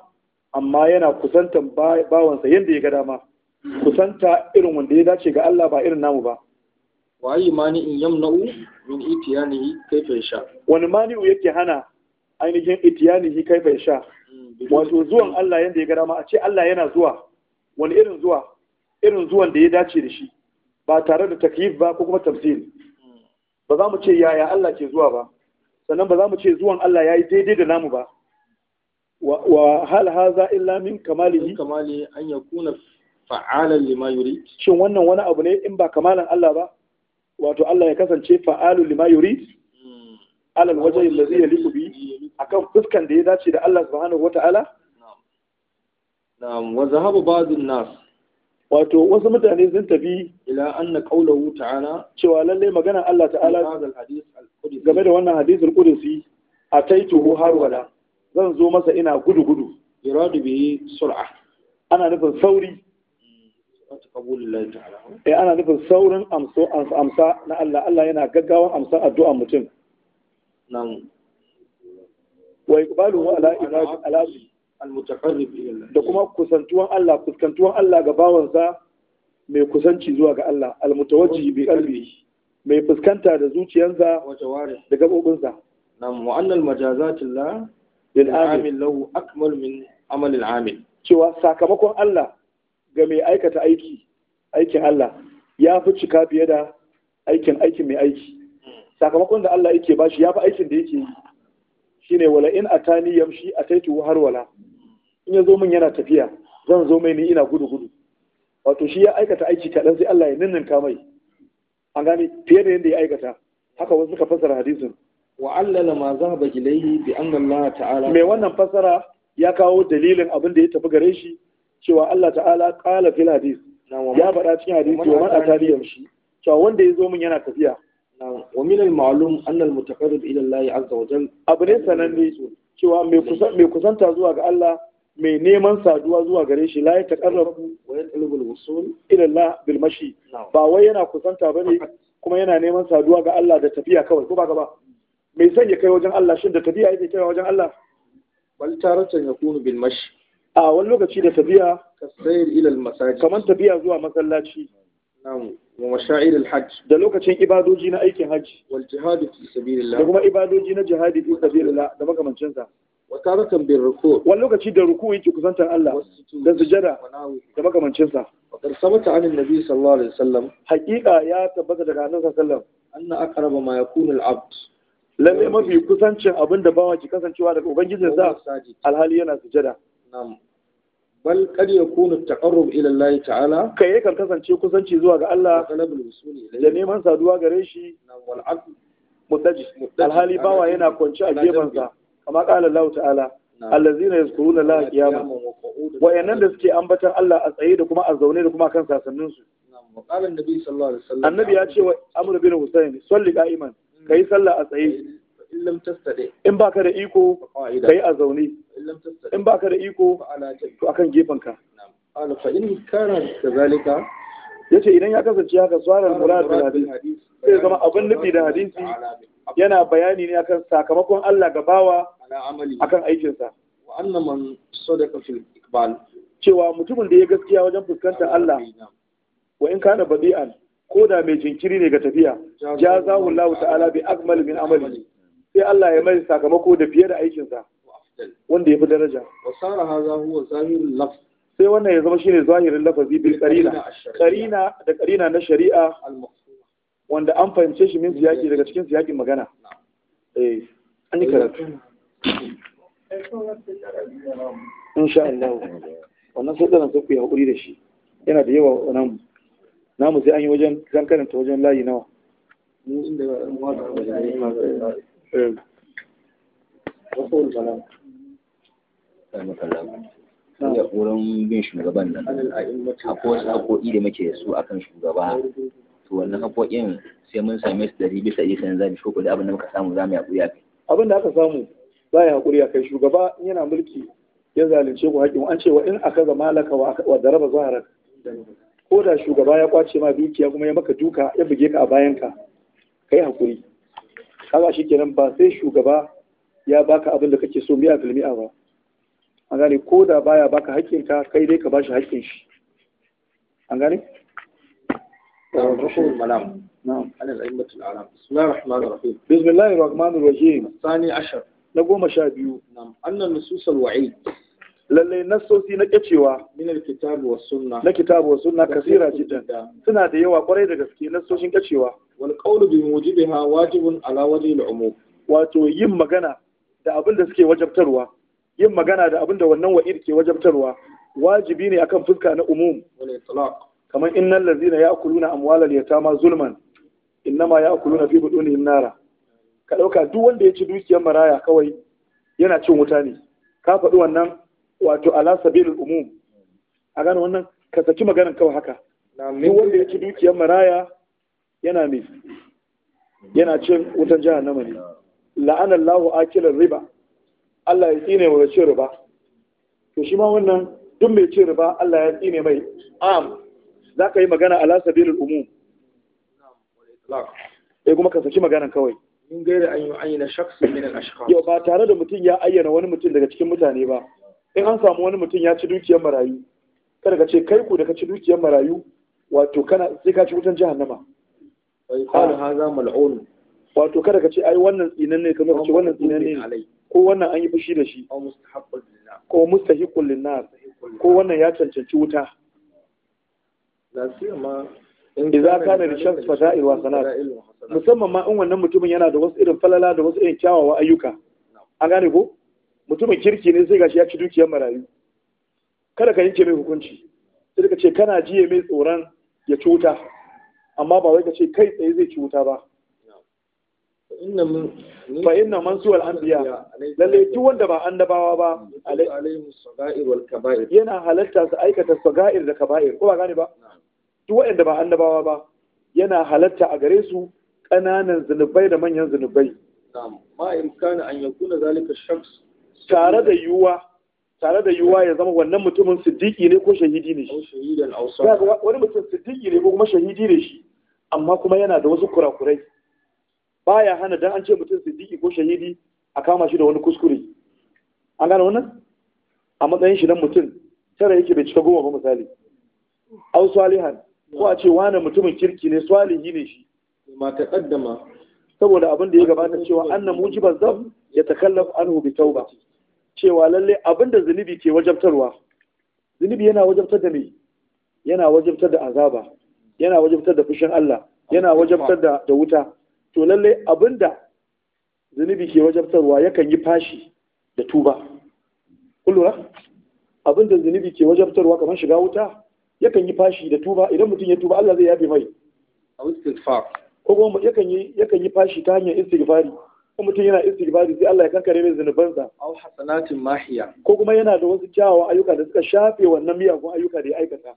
amma yana kusantan bawansa yadda ya ga dama kusanta irin wanda ya dace ga Allah ba irin namu ba wa ayi mani'in yamna'u min itiyanihi kaifa yasha wani u yake hana ainihin itiyanihi kaifa yasha hmm, wato zuwan Allah yadda ya ga dama a ce Allah yana zuwa wani irin zuwa irin zuwan da ya dace da shi ba tare da takyif ba ko kuma tafsir hmm. ba za mu ce yaya Allah ke zuwa ba sannan ba za mu ce zuwan Allah ya yi daidai da namu ba wa hal haza illa min kamalihi kamali an yakuna fa'alan lima yurid shin wannan wani abu ne in ba kamalan Allah ba wato Allah ya kasance fa'alu lima yurid hmm. alal waje yi yaliqu bi akan fuskan da ya dace da Allah subhanahu Na na'am wa zahaba ba'd nasu wato wasu mutane sun tafi ila anna qawluhu ta'ala cewa lalle magana Allah ta'ala game da wannan hadisul qudsi ataituhu harwala zan zo masa ina gudu gudu iradu bi sur'a ana nufin sauri eh ana nufin saurin amso amsa na Allah Allah yana gaggawan amsa addu'a mutum nan wa iqbaluhu ala ibadi ala da kuma kusantuwan Allah fuskantuwan Allah ga bawansa mai kusanci zuwa ga Allah almutawajji bi qalbi mai fuskanta da zuciyarsa da gabobinsa nam wa annal majazatillah lil amil lahu akmal min amal al amil cewa sakamakon Allah ga mai aikata aiki aikin Allah ya fi cika fiye da aikin aikin mai aiki sakamakon da Allah yake bashi ya fi aikin da yake yi shine wala in atani yamshi ataitu har wala in ya zo min yana tafiya zan zo mai ni ina gudu gudu wato shi ya aikata aiki kaɗan sai Allah ya ninninka mai an gane fiye da yadda ya aikata haka wasu suka fassara hadisin wa allala ma ba ilayhi bi anna Allah ta'ala mai wannan fassara ya kawo dalilin abin da ya tafi gare shi cewa Allah ta'ala kala fil hadis ya faɗa cikin hadisi wa man atari yamshi cewa wanda ya zo min yana tafiya wa min al ma'lum anna al mutaqarrib ila Allah azza wa jalla abu ne sananne cewa mai kusanta zuwa ga Allah mai neman saduwa zuwa gare shi la ya taqarrabu wa yatlubul wusul ila bil mashi ba wai yana kusanta bane kuma yana neman saduwa ga Allah da tafiya kawai ko ba gaba mai son ya kai wajen Allah shin da tafiya yake kai wajen Allah bal taratan yakunu bil mashi a wani lokaci da tafiya kasayir ila al masajid kaman tafiya zuwa masallaci na'am wa mashaa'ir al hajj da lokacin ibadoji na aikin hajji wal jihad fi sabilillah da kuma ibadoji na jihadi fi sabilillah da makamancinsa wa ruku wani lokaci da ruku yake kusantar Allah da sujada da makamancin sa wa qad sabata an sallallahu alaihi wasallam haqiqa ya tabbata daga annabi sallallahu alaihi wasallam anna aqraba ma yakunu al abd lalle mafi kusancin abin da bawa ki kasancewa daga ubangijin sa alhali yana sujada na'am bal kad yakunu at-taqarrub ila Allah ta'ala kai yakan kasance kusanci zuwa ga Allah da neman saduwa gare shi wal abd alhali bawa yana kwance a gefen sa kama qala Allah ta'ala allazina yazkuruna Allah qiyaman wayannan da suke ambatan Allah a tsaye da kuma a zaune da kuma kan sasannin su annabi ya ce wa amr bin tsalli salli ka yi sallah a tsaye in baka da iko ka yi a zaune in baka da iko to kan gefen ka Ya ce idan ya kasance haka suwarar murad da hadisi sai zama abin nufi da hadisi yana bayani ne akan sakamakon Allah ga bawa akan aikinsa wa man sadaqa fil iqbal cewa mutumin da ya gaskiya wajen fuskantar Allah wa in kana badi'an ko da mai jinkiri ne ga tafiya jazahu Allah ta'ala bi akmal min amali sai Allah ya mai sakamako da fiye da aikinsa wanda ya fi daraja wa sara hadha huwa zahirul lafz sai wannan ya zama shine zahirin lafazi bil qarina qarina da qarina na shari'a wanda an fahimce shi min siyaki daga cikin siyakin magana eh an yi karatu insha Allah wannan sai da sai ku yi hakuri da shi yana da yawa nan namu sai an yi wajen zan karanta wajen layi nawa eh. wasu ulfala ya wurin bin shugaban nan akwai wasu haƙoƙi da muke su akan shugaba to wannan haƙoƙin sai mun same su dari bisa ɗari sai zamu shoko da abin da muka samu zamu ƙuri a abin da aka samu za ya haƙuri kai, shugaba yana mulki ya zalunce ku haƙƙin an ce wa in aka zama malaka wa daraba zaharar ko da shugaba ya kwace ma dukiya kuma ya maka duka ya buge ka a bayanka kai haƙuri kaga shikenan ba sai shugaba ya baka abin da kake so filmi a ba an gane ko da baya baka ka kai dai ka bashi haƙƙin shi an gane نعم على الأئمة بسم الله الرحمن الرحيم الثاني عشر نقوم شابيو نعم أن النصوص الوعيد lallai na kyacewa na kitabu wa sunna kasira suna da yawa kwarai da gaske nassoshin kyacewa wal qawlu bi mujibiha wajibin ala wajhi wato yin magana da abinda suke wajabtarwa yin magana da abin da wannan wa'id ke wajabtarwa wajibi ne akan fuska na umum kamar na ladzina ya ta ma zulman innama na fi ne nara ka dauka duk wanda ya ci dukiyar maraya kawai yana cin wuta ne ka faɗi wannan wato ala sabilul umum a gane wannan ka saki maganin kawai haka duk wanda ya ci dukiyar maraya yana mai yana cin wutan jahannama ne la'anallahu akilar riba Allah ya tsine mai cin ba. to shi ma wannan duk mai cin ba Allah ya tsine mai am za ka yi magana ala sabilul umum eh kuma ka saki maganan kawai in gaira an yi ayyana shakhsin min al-ashkhas yau ba tare da mutum ya ayyana wani mutum daga cikin mutane ba in an samu wani mutum ya ci dukiyar marayu kada ka ce kai ku da ka ci dukiyar marayu wato kana sai ka ci wutan jahannama qala hadha mal'un wato kada ka ce ai wannan tsinan ne kamar ka ce wannan tsinan ne ko wannan an yi fushi da shi ko mustahiqul linnar ko wannan ya cancanci wuta idza kana li shams fada'il wa sanat musamman ma in wannan mutumin yana da wasu irin falala da wasu irin kyawawa ayyuka an gane ko mutumin kirki ne sai gashi ya ci dukiyar marayu kada ka yanke mai hukunci sai ka ce kana jiye mai tsoron ya ci wuta amma ba wai ka ce kai tsaye zai ci wuta ba fa inna man suwal anbiya lalle duk wanda ba annabawa ba alaihi sagair wal kaba'ir yana halatta su aikata sagair da kaba'ir ko ba gane ba duk wanda ba annabawa ba yana halatta a gare su kananan zunubai da manyan zunubai ma imkana an yakuna zalika shams tare da yuwa tare da yuwa ya zama wannan mutumin siddiqi ne ko shahidi ne shi wani mutum siddiqi ne ko kuma shahidi ne shi amma kuma yana da wasu kurakurai baya hana dan an ce mutum siddiqi ko shahidi a kama shi da wani kuskure an gane wannan a matsayin shi nan mutum tara yake bai cika goma ba misali au salihan ko a ce wani mutumin kirki ne salihi ne shi ma taqaddama saboda abin da ya gabata cewa annan mujibar zam ya takallaf anhu bi tauba cewa lalle abin da zunubi ke wajabtarwa zunubi yana wajabtar da me yana wajabtar da azaba yana wajabtar da fushin Allah yana wajabtar da wuta to lallai abinda zunubi ke wajabtarwa yakan yi fashi da tuba kullura abinda zunubi ke wajabtarwa kamar shiga wuta yakan yi fashi da tuba idan mutum ya tuba Allah zai yafe mai a istighfar ko kuma yakan yi yakan yi fashi ta hanyar istighfari ko mutum yana istighfari sai Allah ya kankare mai zunubansa aw hasanatin mahiya ko kuma yana da wasu kyawawan ayyuka da suka shafe wannan miyagun ayyuka da ya aikata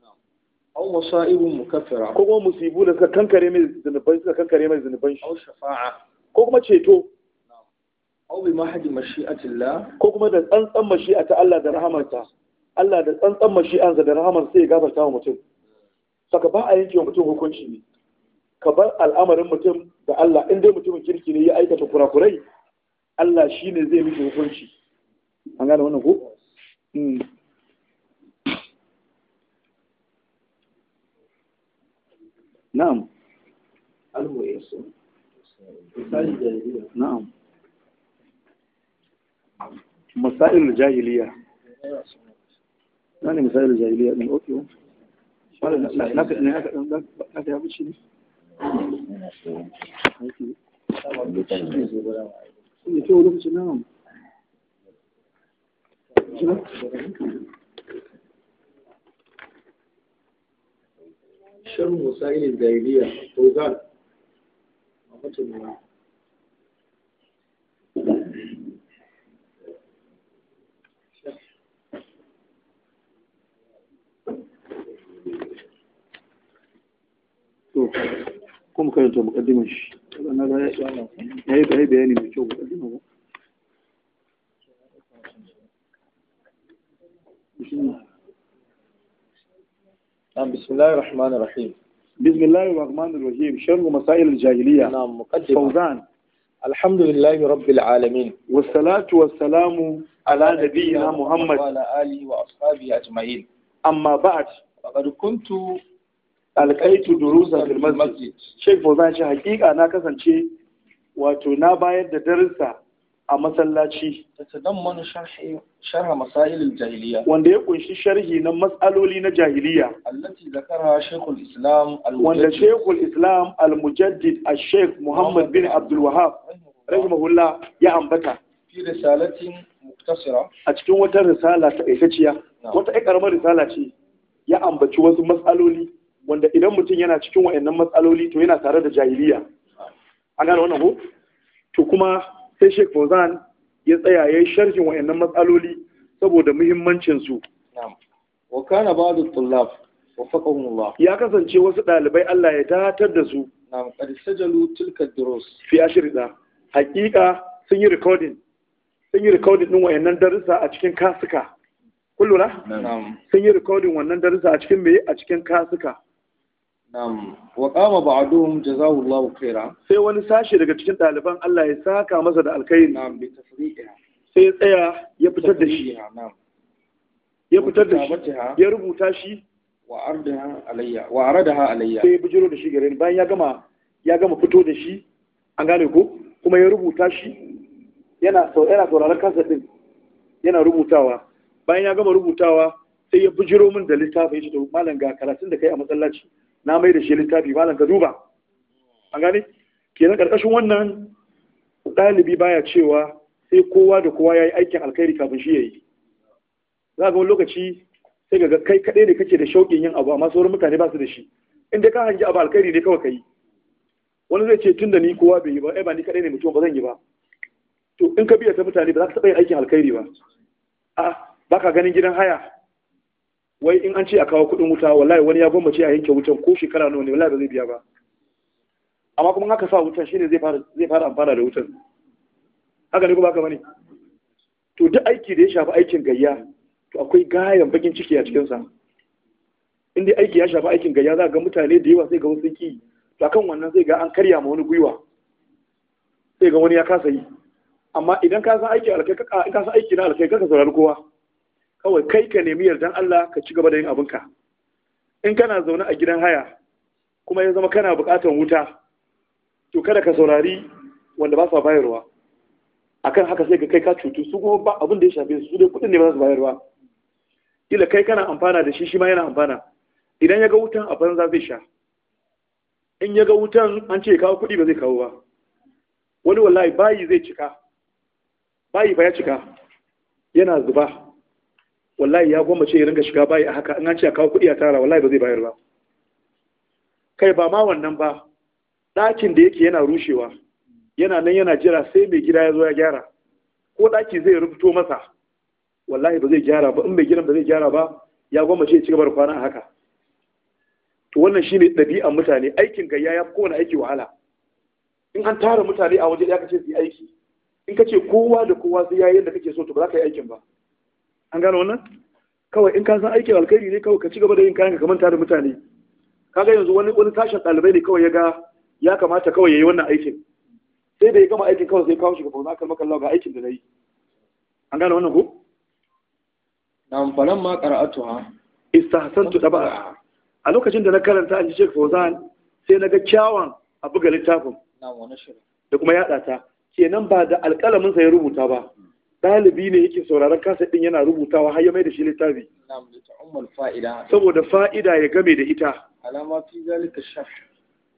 aw musa'ibun mukaffira ko kuma musibu suka kankare mai zunubai ko kuma ceto ko kuma da tsantsan mashi'ata Allah da rahamarsa Allah da tsantsan mashi'ansa da rahamar sai ya gafarta wa mutum saka ba a yanke wa mutum hukunci ne ka bar al'amarin mutum da Allah in dai mutumin kirki ne ya aikata kurakurai Allah shine zai miki hukunci نعم هل هو إرسال الجاهلية نعم مسائل الجاهلية لا مسائل الجاهلية من أوكيو لا لا لا لا لا لا لا لا لا شر المسائل الزايدية توزان وقت الله كم كانت مقدمة أنا لا هيب هيب يعني هو مقدمة هو الله بسم الله الرحمن الرحيم بسم الله الرحمن الرحيم شرح مسائل الجاهلية نعم مقدمة فوزان الحمد لله رب العالمين والصلاة والسلام على نبينا محمد وعلى آله وأصحابه أجمعين أما بعد فقد كنت alkaitu durusa fil masjid Sheikh Fauzan shi hakika na kasance wato na bayar da darussa a masallaci tadammanu sharhi sharha masail al-jahiliya wanda ya kunshi sharhi na mas'aloli na jahiliya allati zakara shaykhul islam wanda shaykhul islam al-mujaddid al-shaykh muhammad bin abdul wahhab rahimahullah ya ambata fi risalatin muktasira a cikin wata risala ta aikaciya wata ai karamar risala ce ya ambaci wasu matsaloli wanda idan mutum yana cikin wayannan matsaloli to yana tare da jahiliya an gane wannan ko to kuma sai Sheikh Fauzan ya tsaya ya yi sharhin wa'annan matsaloli saboda muhimmancin su wa kana ba'du tullab wafaqahum Allah ya kasance wasu ɗalibai Allah ya datar da su Na ƙarshe sajalu tilka duros. fi ashrida Hakika sun yi recording sun yi recording ɗin wa'annan darussa a cikin kasuka kullura na'am sun yi recording wannan darussa a cikin me a cikin kasuka Nam, wa kama ba'duhum jazahu Allahu khaira. Sai wani sashe daga cikin ɗaliban Allah ya saka masa da alkai. Nam, bi tasri'iha. Sai ya tsaya ya fitar da shi. Nam. Ya fitar da shi. Ya rubuta shi. Wa ardaha alayya. Wa alayya. Sai ya bijiro da shi gare ni bayan ya gama ya gama fito da shi. An gane ko? Kuma ya rubuta shi. Yana yana sauraron kansa din. Yana rubutawa. Bayan ya gama rubutawa sai ya bijiro min da littafin ya ce to malam ga karatun da kai a masallaci. na mai da shi littafi malam ka duba an gane kenan karkashin wannan ɗalibi baya cewa sai kowa da kowa ya yi aikin alkhairi kafin shi ya yi za ga wani lokaci sai ga kai kaɗai ne kake da shauƙin yin abu amma sauran mutane ba su da shi inda ka hangi abu alkhairi ne kawai ka yi wani zai ce tunda ni kowa bai yi ba ai ba ni kaɗai ne mutum ba zan yi ba to in ka biya ta mutane ba za ka taɓa yin aikin alkhairi ba a ba ka ganin gidan haya wai in an ce a kawo kuɗin wuta wallahi wani ya gwammace a yanke wutan ko shekara nawa ne wallahi ba zai biya ba amma kuma haka sa wutan shine zai fara zai fara amfana da wutan haka ne ba ka bane to duk aiki da ya shafi aikin gayya to akwai gayan bakin ciki a cikin sa in dai aiki ya shafi aikin gayya za ga mutane da yawa sai ga wasu ki to akan wannan sai ga an karya ma wani gwiwa sai ga wani ya kasa yi amma idan ka san aiki alkai ka san aiki na alkai ka saurari kowa kawai kai ka nemi yardan Allah ka ci gaba da yin abinka in kana zaune a gidan haya kuma ya zama kana buƙatar wuta to kada ka saurari wanda ba sa bayarwa akan haka sai ka kai ka cutu su kuma ba abin da ya shafe su dai kuɗin ne ba za su bayarwa kila kai kana amfana da shi shi ma yana amfana idan ya ga wutan a banza zai sha in ya ga wutan an ce kawo kuɗi ba zai kawo ba wani wallahi bayi zai cika bayi ba ya cika yana zuba wallahi ya goma ce ya ringa shiga bayi a haka in an ce a kawo kuɗi a tara wallahi ba zai bayar ba kai ba ma wannan ba ɗakin da yake yana rushewa yana nan yana jira sai mai gida ya zo ya gyara ko ɗaki zai rubuto masa wallahi ba zai gyara ba in mai gidan ba zai gyara ba ya goma ce ya ci gaba da kwana a haka to wannan shine ɗabi'an mutane aikin gayya ya fi kowane aiki wahala in an tara mutane a waje ka kace su yi aiki in ka ce kowa da kowa sai yayin da kake so to ba za ka yi aikin ba an gane wannan kawai in ka san aikin alkhairi ne kawai ka ci gaba da yin kayan ka manta da mutane kaga yanzu wani wani tashin ɗalibai ne kawai ya ga ya kamata kawai ya yi wannan aikin sai da ya gama aikin kawai sai kawo shi ga fauna kan maka ga aikin da na yi an gane wannan ko na amfanin ma qara'atuha istahsantu daba a lokacin da na karanta an ji Sheikh Fauzan sai na ga kyawun a buga littafin da kuma yaɗa ta kenan ba da alƙalamin sa ya rubuta ba ɗalibi ne yake sauraron kasa ɗin yana rubutawa har ya mai da shi littafi saboda fa'ida ya game da ita alama fi zalika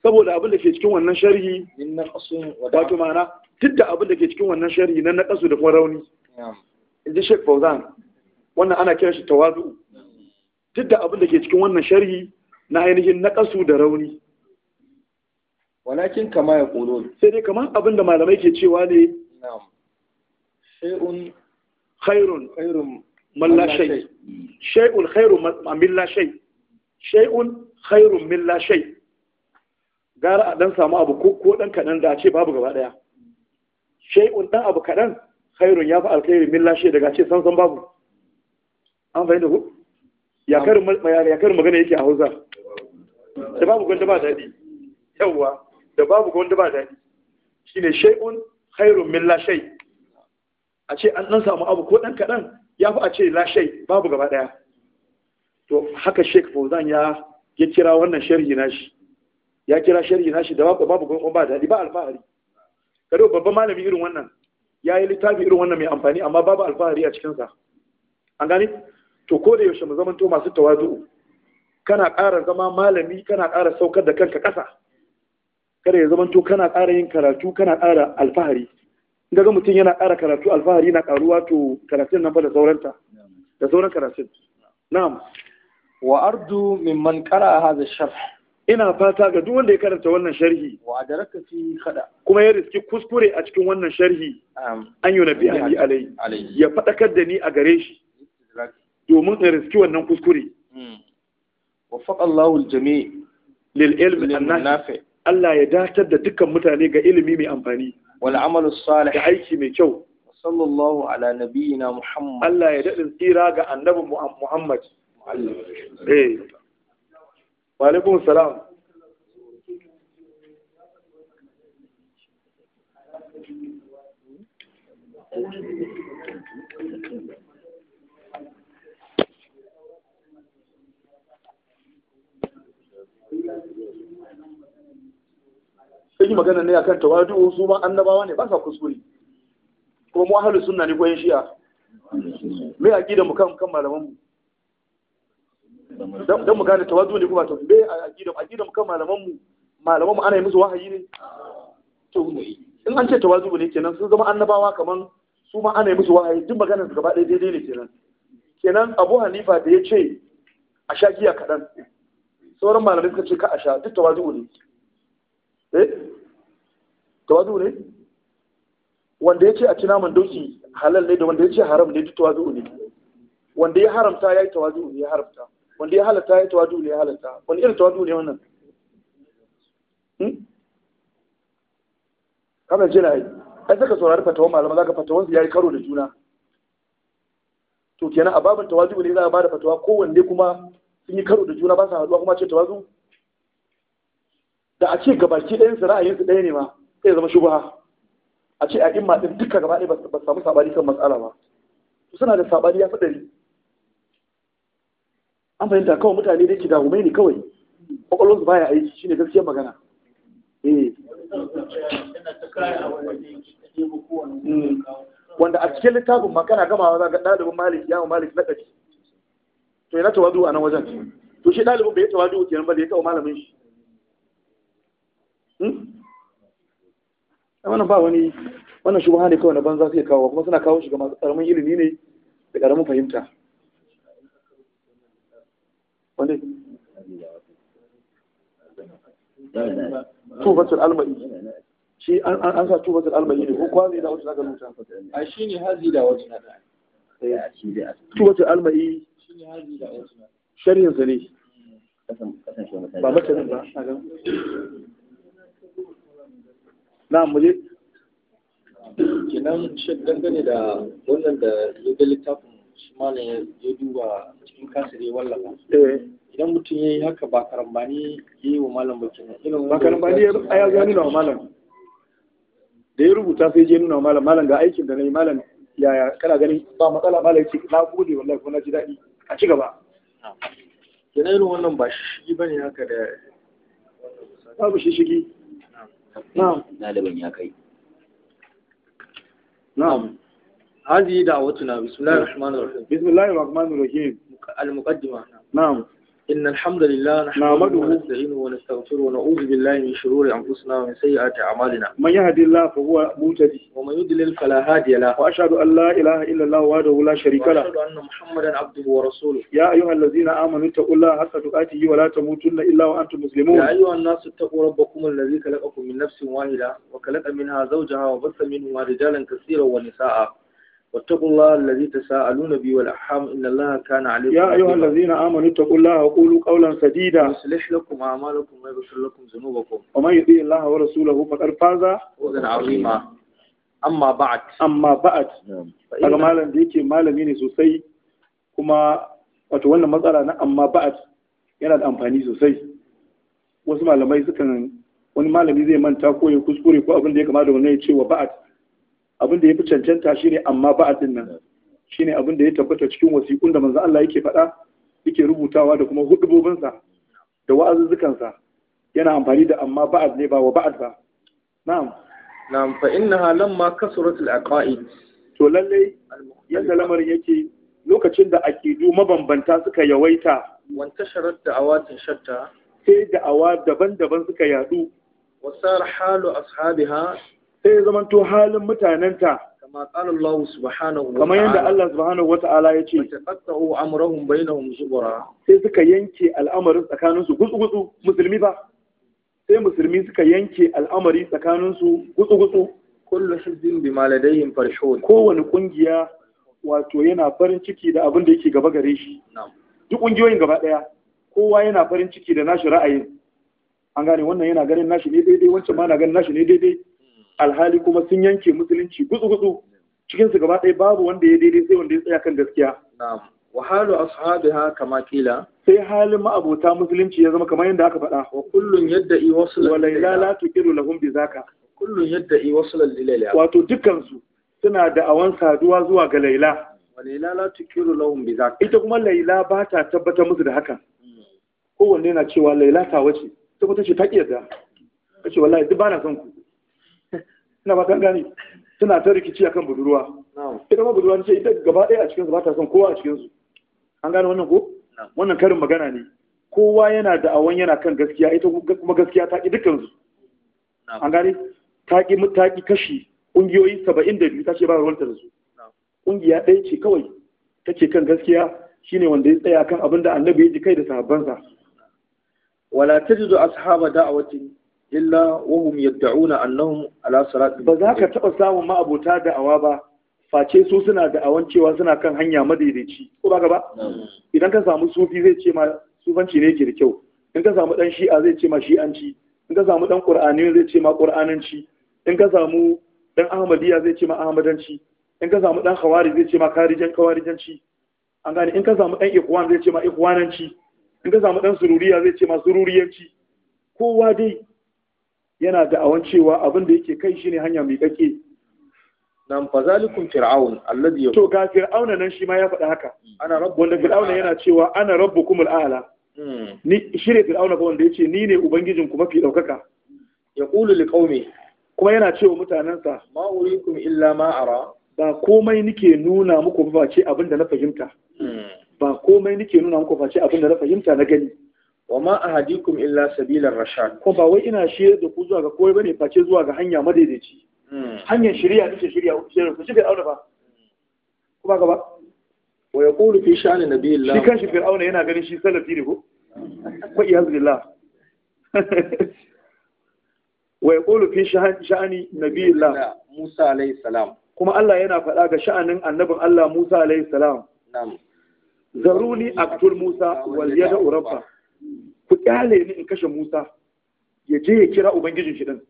saboda abin da ke cikin wannan sharhi wato ma'ana duk da abin da ke cikin wannan sharhi na ƙasu da kuma rauni inji Sheikh Fauzan wannan ana kiran shi tawazu duk da abin da ke cikin wannan sharhi na ainihin ƙasu da rauni walakin kama ya qulun sai dai kamar abin da malamai ke cewa ne shay'un khairun khairun milla la shay shay'un khairun milla la shay shay'un khairun min shay gara a dan samu abu ko ko dan kadan da a ce babu gaba daya shay'un dan abu kadan khairun ya fi alkhairi min la shay daga ce san san babu an fahimta ku ya kar ya kar magana yake a Hausa da babu gonda ba dadi yawa da babu gonda ba daɗi shine shay'un khairun min la shay a ce an samu abu ko ɗan kaɗan ya fi a ce lashai babu gaba ɗaya to haka sheik fauzan ya ya kira wannan sharhi nashi ya kira sharhi nashi da babu babu ba daɗi ba alfahari kare babban malami irin wannan ya yi littafi irin wannan mai amfani amma babu alfahari a cikinsa an gani to ko da yaushe mu zamanta masu tawazu'u kana ƙara zama malami kana ƙara saukar da kanka ƙasa kada ya zamanta kana ƙara yin karatu kana ƙara alfahari ga mutum yana ƙara karatu alfahari na ƙaruwa to karatun nan fa da sauranta da sauran karatun na'am wa ardu man qara hadha sharh ina fata ga duk wanda ya karanta wannan sharhi wa adraka fi khada kuma ya riski kuskure a cikin wannan sharhi an yi nabi ali alai ya fadakar da ni a gare shi domin in riski wannan kuskure hmm. wafaqa Allahu al-jami' lil ilmi an-nafi Allah ya datar da dukkan mutane ga ilimi mai amfani wal amalu salih da aiki mai kyau sallallahu ala nabiyina muhammad Allah ya dadin tsira ga annabi muhammad eh wa alaikum salam Thank you. sai yi magana ne akan tawadu su ma annabawa ne ba sa kuskure kuma mu ahlus sunna ne koyan shi'a me aqida mu kan kan malaman mu dan mu gane tawadu ne kuma to me aqida aqida mu kan malaman mu malaman mu ana yi musu wahayi ne to in an ce tawadu ne kenan sun zama annabawa kaman su ma ana yi musu wahayi duk maganar su gaba ɗaya daidai ne kenan kenan Abu Hanifa da ya ce a sha giya kaɗan sauran malamai suka ce ka a sha duk tawadu ne eh Tawazu ne wanda ya ce a ci naman doki halal ne da wanda ya ce haram ne duk tawazu ne wanda ya haramta ya yi tawazu ne ya haramta wanda ya halata ya yi tawazu ne ya halata, wani irin tawazu ne wannan hmm? kamar jina yi ai saka saurari fatawan malama zaka fatawan su yayi karo da juna to kenan a babin tawazu ne za a bada fatawa ko wanda kuma sun yi karo da juna ba sa haduwa kuma ce tawazu da a ce gabaki ɗayan su ra'ayin su ɗaya ne ma sai zama shubha a ce a imma din duka gaba ɗaya ba samu sabani kan matsala ba suna da sabani ya fi an fahimta kawai mutane da ke da ne kawai kwakwalwar su baya aiki shine gaskiyar magana eh. hmm. wanda a cikin littafin makana gamawa za ga ɗalibin malik yawon malik na ɗari to yana tawadu a nan wajen to shi ɗalibin bai tawadu kenan ba da ya kawo malamin shi hmm? wannan ba wani wannan shi ne kawai na banza suke kawo kuma suna kawo shi ga masu karamin ilimi ne da karamin fahimta Wani tubatul almai shi an sa tubatul almai ne ko kwazi da wata zaka rubuta a shine hazi da wata eh, tubatul almai shine hazi da wata sa ne ba masanin ba na muje kenan shi dangane da wannan da ya littafin shi malam ya duba cikin kasir ya wallafa eh. idan mutum ya yi haka ba karambani ya yi wa malam ba kenan ba karambani ya ya nuna wa malam da ya rubuta sai je nuna wa malam malam ga aikin da na yi malam yaya kana ganin ba matsala malam ce na gode wallahi ko na ji daɗi a ci gaba kenan irin wannan ba shi bane haka da babu shi shigi Eh, ɗaliban ya kai. Na’am, hajji da wacce na bismillahirrahmanirrahim. Bismillahirrahmanirrahim, al-muqaddima. Na’am. إن الحمد لله نحمده ونستعينه ونستغفره ونعوذ بالله من شرور أنفسنا ومن سيئات أعمالنا من يهد الله فهو مهتدي ومن يضلل فلا هادي له وأشهد أن لا إله إلا الله وحده لا شريك له وأشهد أن محمدا عبده ورسوله يا أيها الذين آمنوا اتقوا الله حق تقاته ولا تموتن إلا وأنتم مسلمون يا أيها الناس اتقوا ربكم الذي خلقكم من نفس واحدة وخلق منها زوجها وبث منهما رجالا كثيرا ونساء واتقوا الله الذي تساءلون به والأحام إن الله كان عليكم يا أيها الذين آمنوا اتقوا الله وقولوا قولا سديدا يصلح لكم أعمالكم ويغفر لكم ذنوبكم ومن يطيع الله ورسوله فقد فاز فوزا عظيما أما بعد أما بعد فقال malam ديكي مالا ميني سوسي كما وتولى مسألة أما بعد yana da amfani sosai wasu malamai sukan wani malami zai manta ko ya kuskure ko abin da ya kamata wani ya ce wa ba'at abin da ya fi cancanta shi ne amma ba'adin nan ne abin da ya tabbata cikin wasiƙun da manzo Allah yake faɗa yake rubutawa da kuma hudubobinsa da wa'azuzzukansa yana amfani da amma ba'ad ne ba wa ba'ad ba na'am na'am fa innaha lamma kasurat al-aqaid to lalle yadda lamarin yake lokacin da aqidu mabambanta suka yawaita wantasharat da'awatin shatta sai da'awa daban-daban suka yadu wasar halu ashabiha sai ya to halin mutanenta kamar yadda Allah subhanahu wa ta'ala ya ce sai suka yanke al'amarin tsakaninsu gutsu gutsu musulmi ba sai musulmi suka yanke al'amari tsakaninsu su gutsu gutsu kullu hizbin bi ladayhim farshun kowane kungiya wato yana farin ciki da abin da yake gaba gare shi duk kungiyoyin gaba daya kowa yana farin ciki da nashi ra'ayin an gane wannan yana ganin nashi ne daidai wancan ma na ganin nashi ne daidai alhali kuma sun yanke musulunci gutsu-gutsu cikin su gaba ɗaya babu wanda ya daidai sai wanda ya tsaya kan gaskiya na'am wa halu ashabiha kama kila sai halin ma'abota musulunci ya zama kamar yadda aka faɗa wa kullun yadda i wasu wa laila la tuqiru lahum bi zaka kullun yadda i wasu lilaila wato dukkan su suna da awan saduwa zuwa ga laila wa laila la tuqiru lahum bi zaka ita kuma laila ba ta tabbatar musu da hakan hmm. kowanne na cewa laila ta wace ta kuma ce ta kiyarda ce, wallahi duk bana son ku na ba gane suna ta rikici akan budurwa ita ma budurwa ce ita gaba ɗaya a cikin ba ta son kowa a cikin su an gane wannan ko wannan karin magana ne kowa yana da awon yana kan gaskiya ita kuma gaskiya ta ki dukkan su an gane ta ki ta ki kashi ƙungiyoyi saba'in da biyu ta ce ba ruwanta da su Ƙungiya ɗaya ce kawai ta ce kan gaskiya shine wanda ya tsaya kan abin da annabi ya ji kai da sahabbansa wala tajidu ashaba da'awatin illa wahum yad'una annahum ala sirat ba za ka taba samun ma'abota da'awa ba face su suna awan cewa suna kan hanya madaidaici ko ba ba idan ka samu sufi zai ce ma sufanci ne yake da kyau in ka samu dan shi'a zai ce ma shi'anci in ka samu dan qur'ani zai ce ma qur'ananci in ka samu dan ahmadiyya zai ce ma ahmadanci in ka samu dan khawari zai ce ma karijan kawarijanci an gane in ka samu dan ikhwan zai ce ma ikhwananci in ka samu dan sururiya zai ce ma sururiyanci kowa dai yana da awan cewa abin da yake kai shine hanya mai kake nan fa zalikum fir'aun alladhi to ga fir'aun nan shi ma ya faɗa haka ana rabbu wanda fir'aun yana cewa ana rabbukum al'ala hmm. ni shine fir'aun ba wanda yace ni ne ubangijin ku mafi daukaka yaqulu liqaumi kuma yana cewa mutanansa ma urikum illa ma ara ba komai nike nuna muku ba ce abin da na fahimta hmm. ba komai nike nuna muku ba ce abin da na fahimta na gani wa ma ahadikum illa sabilar rashad ko ba wai ina shirya da ku zuwa ga kowa bane face zuwa ga hanya madaidaici hmm. hanyar shirya take shirya ku shirya ku shirya auna ba ku ba gaba wa yaqulu fi sha'ni nabiyillah shi kanshi fir'auna yana ganin shi salafi ne ko ko iyaz billah wa yaqulu fi sha'ni nabiyillah Musa alayhi salam kuma Allah yana faɗa ga sha'anin annabin Allah Musa alayhi salam na'am zaruni aktul Musa wal yada rabba ku kyale ni in kashe Musa ya je ya kira ubangijin shi din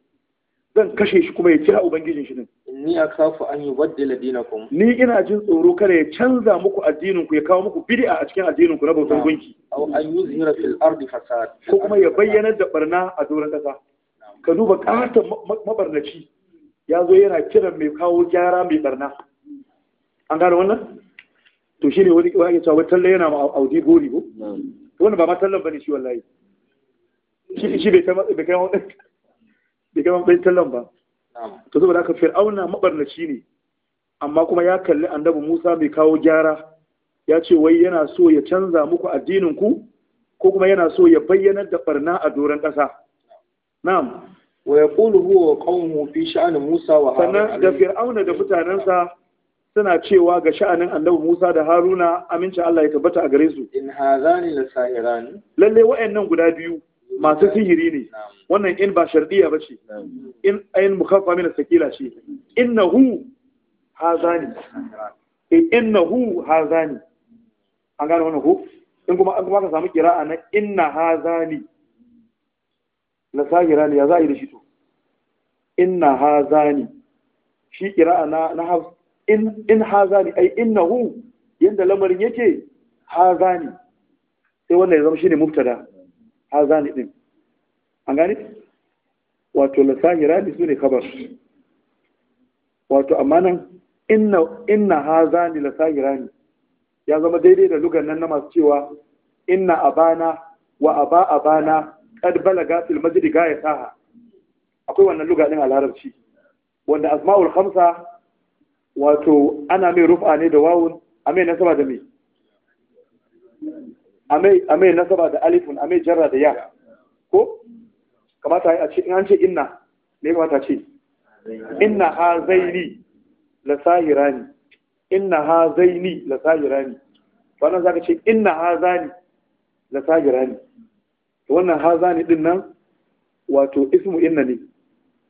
zan kashe shi kuma ya kira ubangijin shi din ni kafu an yubaddila dinakum ni ina jin tsoro kada ya canza muku addinin ku ya kawo muku bid'a a cikin addinin ku na bautan gunki aw an yuzhira fil ardi fasad ko kuma ya bayyana da barna a doron kasa ka duba katon mabarnaci ya zo yana kiran mai kawo gyara mai barna an gane wannan to shine wani wani cewa talle yana ma audi gori ko wani ba ba bane shi wallahi shi bai kai bai ba tallan ba da saboda haka fir'auna mabarnaci ne amma kuma ya kalli annabi Musa mai kawo gyara ya ce wai yana so ya canza muku addininku? ko kuma yana so ya bayyana da barna a doron ƙasa na'am wa yaqulu huwa wa qaumuhu fi sha'anin Musa wa sannan da fir'auna da mutanensa. suna cewa ga sha'anin annabi Musa da Haruna amincin Allah ya tabbata a gare su in hazani la sahirani lalle wa'annan guda biyu masu sihiri ne wannan in ba shardiya ba ce in ayin mukaffa min sakila ce innahu hazani eh, innahu hazani an gane wannan ko in kuma an kuma ka samu kira'a na inna hazani la sahirani ya za a yi da shi to inna hazani shi kira'a na na in in hazani ai innahu yanda lamarin yake hazani sai wannan ya zama shine mubtada hazani din an gane wato su ne khabar wato amma nan inna inna hazani lasahirani ya zama daidai da lugan nan na masu cewa inna abana wa aba abana kad balaga fil ga ya saha akwai wannan lugan din a larabci wanda asma'ul khamsa wato ana mai rufa ne da wawun a mai nasaba da mai a mai nasaba da alifun a mai jarra da ya ko kamata a ce in an ce inna ne kamata ce inna ha zaini la sahirani inna ha zaini la sahirani wannan zaka ce inna ha zani la sahirani wannan ha zani din nan wato ismu inna ne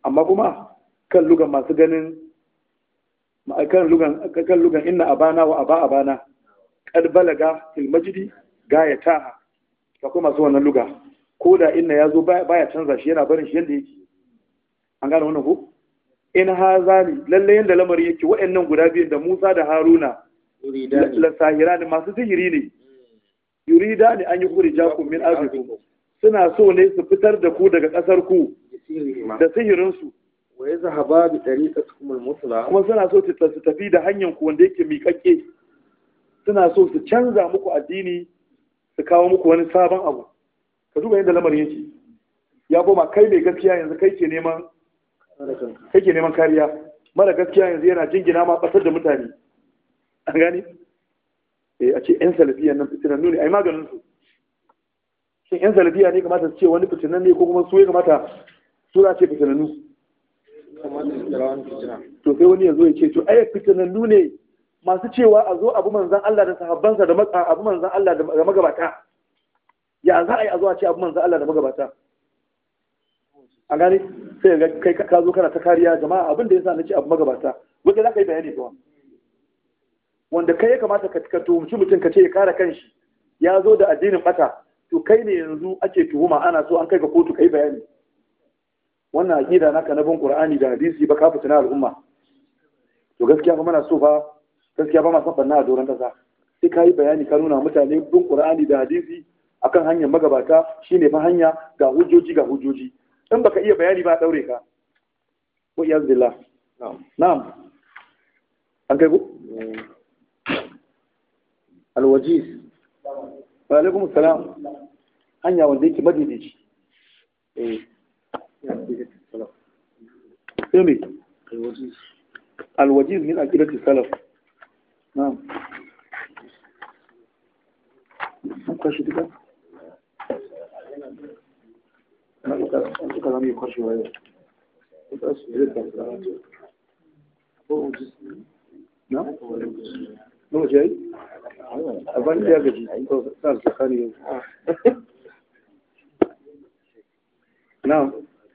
amma kuma kan lugan masu ganin kan lugan inna abana wa aba abana kad balaga fil majdi ta ka kuma zuwa wannan luga ko da inna yazo baya canza shi yana barin shi yanda yake an gane wannan ko in zali lalle yanda lamari yake wayannan guda biyu da Musa da Haruna la ne, masu sihiri ne hmm. yurida ne an yi kuri jakum min arzikum suna so ne su fitar da ku daga kasar ku da sihirinsu wa ya zahaba bi tariqatikum al-musla kuma suna so su tafi da hanyar ku wanda yake miƙaƙe suna so su canza muku addini su kawo muku wani sabon abu ka duba yadda lamarin yake ya koma kai mai gaskiya yanzu kai ke neman kai ke neman kariya mara gaskiya yanzu yana jingina ma ɓasar da mutane an gane eh a ce yan salafiyan nan fitinan nuni ai maganin su shin yan salafiya ne kamata su ce wani fitinan ne ko kuma su ya kamata su ce fitinannu to sai wani ya zo ya ce to ayyar fitinannu ne masu cewa a zo abu manzan Allah da sahabbansa da abu manzan Allah da magabata ya za a yi a zo a ce abu manzan Allah da magabata a gani sai ga kai ka zo kana ta kariya jama'a abin da yasa na ce abu magabata wanda za ka yi bayani kuma wanda kai ya kamata ka tuhumci mutum ka ce ya kare kanshi ya zo da addinin bata to kai ne yanzu ake tuhuma ana so an kai ga kotu kai bayani wannan aƙida naka na bin Qur'ani da hadisi ba ka fitina al'umma to gaskiya ba muna so ba gaskiya ba ma son banna a doron kasa sai ka yi bayani ka nuna mutane bin Qur'ani da hadisi akan hanyar magabata shine fa hanya ga hujjoji ga hujjoji in baka iya bayani ba daure ka wa iyaz billah na'am an kai ku alwajiz wa alaikum salam hanya wanda yake madidici eh sai mai alwajiz min aqidati salaf na'am an kwashi duka na suka zama yi kwashi wayo na? na waje ya a ban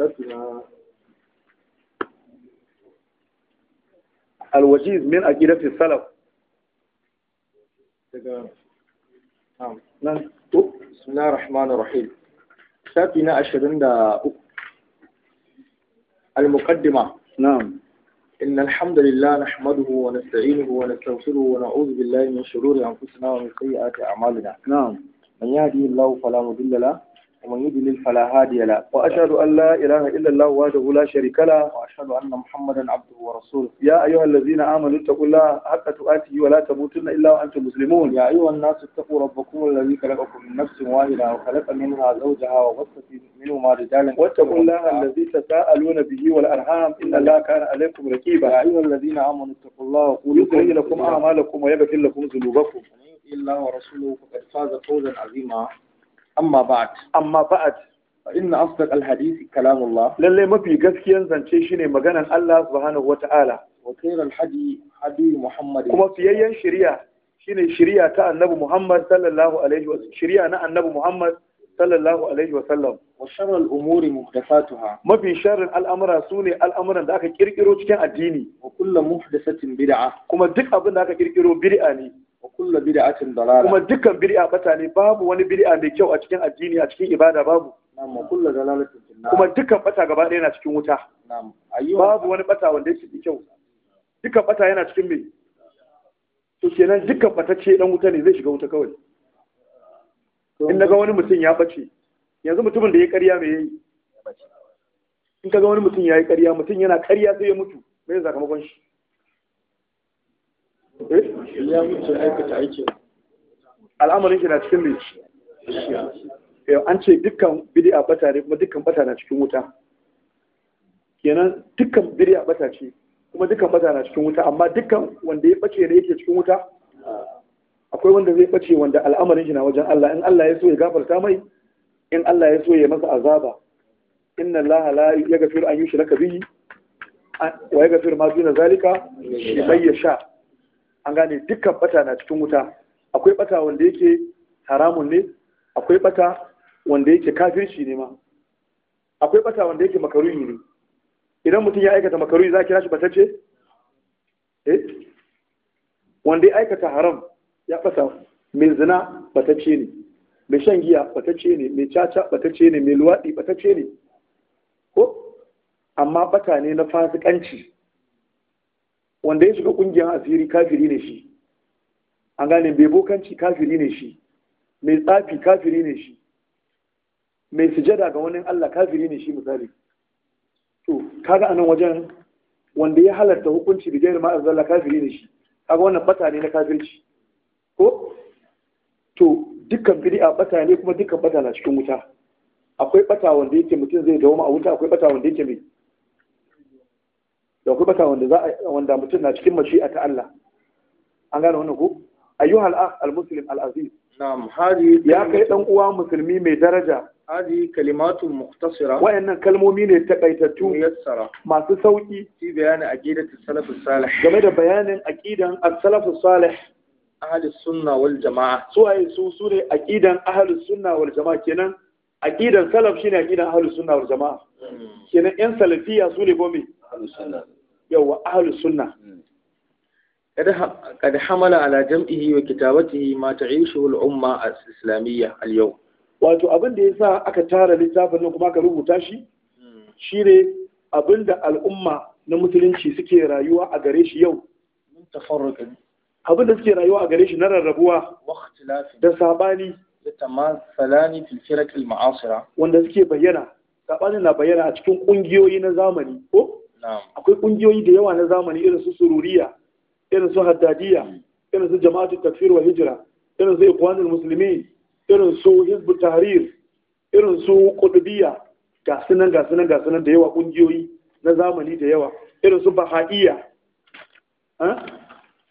شتى الوجيز من أجيرة السلف نعم. نعم بسم الله الرحمن الرحيم شافينا أشهدنا المقدمة نعم إن الحمد لله نحمده ونستعينه ونستغفره ونعوذ بالله من شرور أنفسنا ومن سيئات أعمالنا نعم من يهدي الله فلا مضل له ومن يضلل فلا هادي له واشهد ان لا اله الا الله وحده لا شريك له واشهد ان محمدا عبده ورسوله يا ايها الذين امنوا اتقوا الله حق تؤاته ولا تموتن الا وانتم مسلمون يا ايها الناس اتقوا ربكم الذي خلقكم من نفس واحده وخلق منها زوجها وبث منهما رجالا واتقوا الله الذي تساءلون به والارحام ان الله كان عليكم رقيبا يا ايها الذين امنوا اتقوا الله وقولوا يصلح لكم اعمالكم ويغفر لكم ذنوبكم ومن يطع الله ورسوله فقد فاز فوزا عظيما أما بعد أما بعد فإن أصدق الحديث كلام الله للي ما في قسكيا زنشي شيني مغانا الله سبحانه وتعالى وخير الحدي حدي محمد كما في أي شريعة شيني شريعة تاع النبي محمد صلى الله عليه وسلم شريعة نا النبي محمد صلى الله عليه وسلم وشر الأمور محدثاتها ما في شر الأمر سوني الأمر ذاك كيركيرو cikin addini wa kullu muhdathatin bid'ah kuma duk abin da aka kirkiro bid'a ne bid'atin dalala kuma dukkan bid'a bata ne babu wani bid'a mai kyau a cikin addini a cikin ibada babu na'am wa dalalatin kuma dukkan bata gaba ɗaya yana cikin wuta na'am babu wani bata wanda yake da kyau dukkan bata yana cikin me to kenan dukkan ce dan wuta ne zai shiga wuta kawai in ga wani mutum ya bace yanzu mutumin da ya karya me yayi in ga wani mutum ya yi ƙarya, mutum yana ƙarya sai ya mutu me sakamakon shi Eh? ya mutu aikata aiki. al'amarin shi na cikin mai yau eh, an ce dukkan bid'a bata ne kuma dukkan bata na cikin wuta kenan dukkan bid'a bata ce kuma dukkan bata na cikin wuta amma dukkan wanda ya bace ne yake cikin wuta akwai wanda zai bace wanda al'amarin shi na wajen Allah in Allah ya so ya gafarta mai in Allah ya so ya masa azaba inna Allah la yaghfiru an yushraka bihi wa yaghfiru ma duna zalika liman yasha' an gane dukkan bata na cikin wuta akwai bata wanda yake haramun ne akwai bata wanda yake kafirci ne ma akwai bata wanda yake makaruhi ne idan mutum ya aikata makaruhi za a kira shi batacce eh wanda ya aikata haram ya fasa mai zina batacce ne mai shan giya batacce ne mai caca batacce ne mai luwaɗi batacce ne ko amma bata ne na fasikanci wanda ya shiga kungiyar asiri kafiri ne shi an gane mai bokanci kafiri ne shi mai tsafi kafiri ne shi mai sujada ga wani Allah kafiri ne shi misali to kaga anan wajen wanda ya halarta hukunci da jayar ma'azin Allah kafiri ne shi kaga wannan bata ne na kafirci ko to dukkan bid'a bata ne kuma dukkan bata na cikin wuta akwai bata wanda yake mutum zai dawo a wuta akwai bata wanda yake mai da ku bata wanda za a wanda mutum na cikin mashi'a ta Allah an gane wannan ku ayyuhal akh al alaziz na'am hadi ya kai dan uwa musulmi mai daraja hadi kalimatun mukhtasira wayannan kalmomi ne takaitattu yassara masu sauki fi bayani aqidatu salaf salih game da bayanin aqidan as-salaf salih ahli sunna wal jamaa Su suwaye su sune aqidan ahli sunna wal jamaa kenan aqidan salaf shine aqidan ahli sunna wal jamaa hmm. kenan yan salafiya su ne gome sunna yawa ahlus sunna hmm. Hamala قد حمل ma جمعه وكتابته ما تعيشه islamiyya al اليوم wato abin da yasa aka tara littafin nan kuma aka rubuta shi hmm. shine abin da al'umma na musulunci suke rayuwa a gare shi yau abin suke rayuwa a gare shi na rarrabuwa da sabani da tamasalani ma'asira wanda suke bayyana sabanin na bayyana a cikin kungiyoyi na zamani ko akwai kungiyoyi da yawa na zamani irin su sururiya irin su haddadiya hmm. irin su jama'atu takfir wa hijira irin su ikwanul musulmi, irin su hizbu tahrir irin su qutbiyya ga sunan ga sunan ga sunan da yawa kungiyoyi na zamani da yawa irin su bahaiya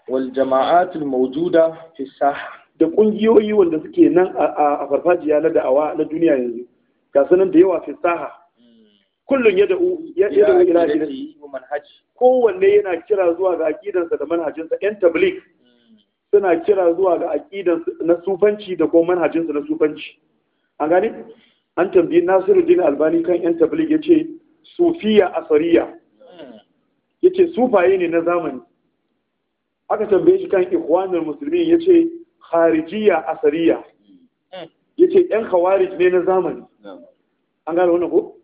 wal jama'atul mawjuda fi saha da kungiyoyi wanda suke nan a farfajiya na da'awa na duniya yanzu ga sunan da yawa fi saha kullun ya da'u ya da'u ila dinati kowanne yana kira zuwa ga aqidansa da manhajinsa yan tabligh hmm. suna kira zuwa ga aqidansu na sufanci da kuma manhajinsa na sufanci an gani an tambayi Nasiruddin Albani kan yan tabligh yace sufiya asariya hmm. yace sufaye ne na zamani aka tambaye shi kan ikhwanul muslimin yace kharijiya asariya hmm. yace yan khawarij ne na zamani an gane wannan ko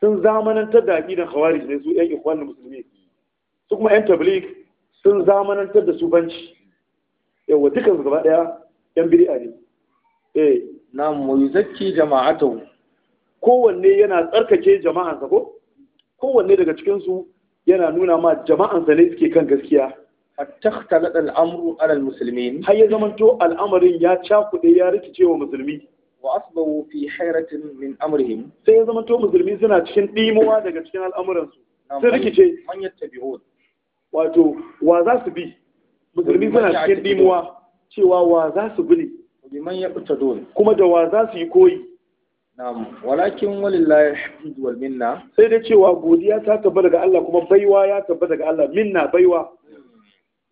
sun zamanantar da aqidan khawarij ne su ƴan ikhwanul musulmi su kuma ƴan tabligh sun zamanantar da su banci yawa dukan su gaba daya ƴan bid'a ne eh na mu yuzakki jama'atuhu kowanne yana tsarkake jama'ansa ko kowanne daga cikin su yana nuna ma jama'ansa ne suke kan gaskiya hatta al'amru alal musulmin har ya zamanto al'amarin ya cakuɗe ya rikice wa musulmi wa asbahu fi hayratin min amrihim sai ya zama to musulmi suna cikin dimuwa daga cikin al'amuransu sai rikice man yattabi'un wato wa za su bi musulmi suna cikin dimuwa cewa wa za su bi ne biman yaqtadun kuma da wa za su yi koyi na'am walakin walillahi alhamd wal minna sai da cewa godiya ta tabbata daga Allah kuma baiwa ya tabbata daga Allah minna baiwa hmm.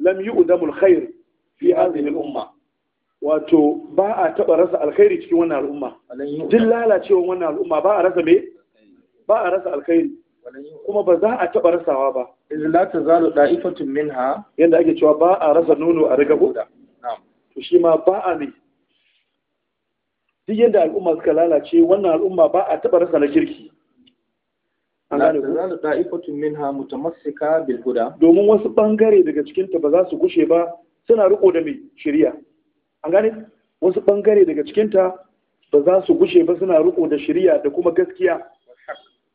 lam yu'damul khair fi hadhihi al-umma wato ba a taɓa rasa alkhairi cikin wannan al'umma duk lalacewa wannan al'umma ba a rasa me ba a rasa alkhairi kuma ba za a taɓa rasawa ba idan la tazalu da'ifatun minha yanda ake cewa ba a rasa nono a riga guda, to shi ma ba a ne duk yanda al'umma suka lalace wannan al'umma ba a taɓa rasa na kirki an gane ku zalu da'ifatun minha mutamassika bil guda. domin wasu bangare daga cikin ta ba za su gushe ba suna riko da mai shari'a an gane wasu bangare daga cikinta ba za su gushe ba suna riko da shari'a da kuma gaskiya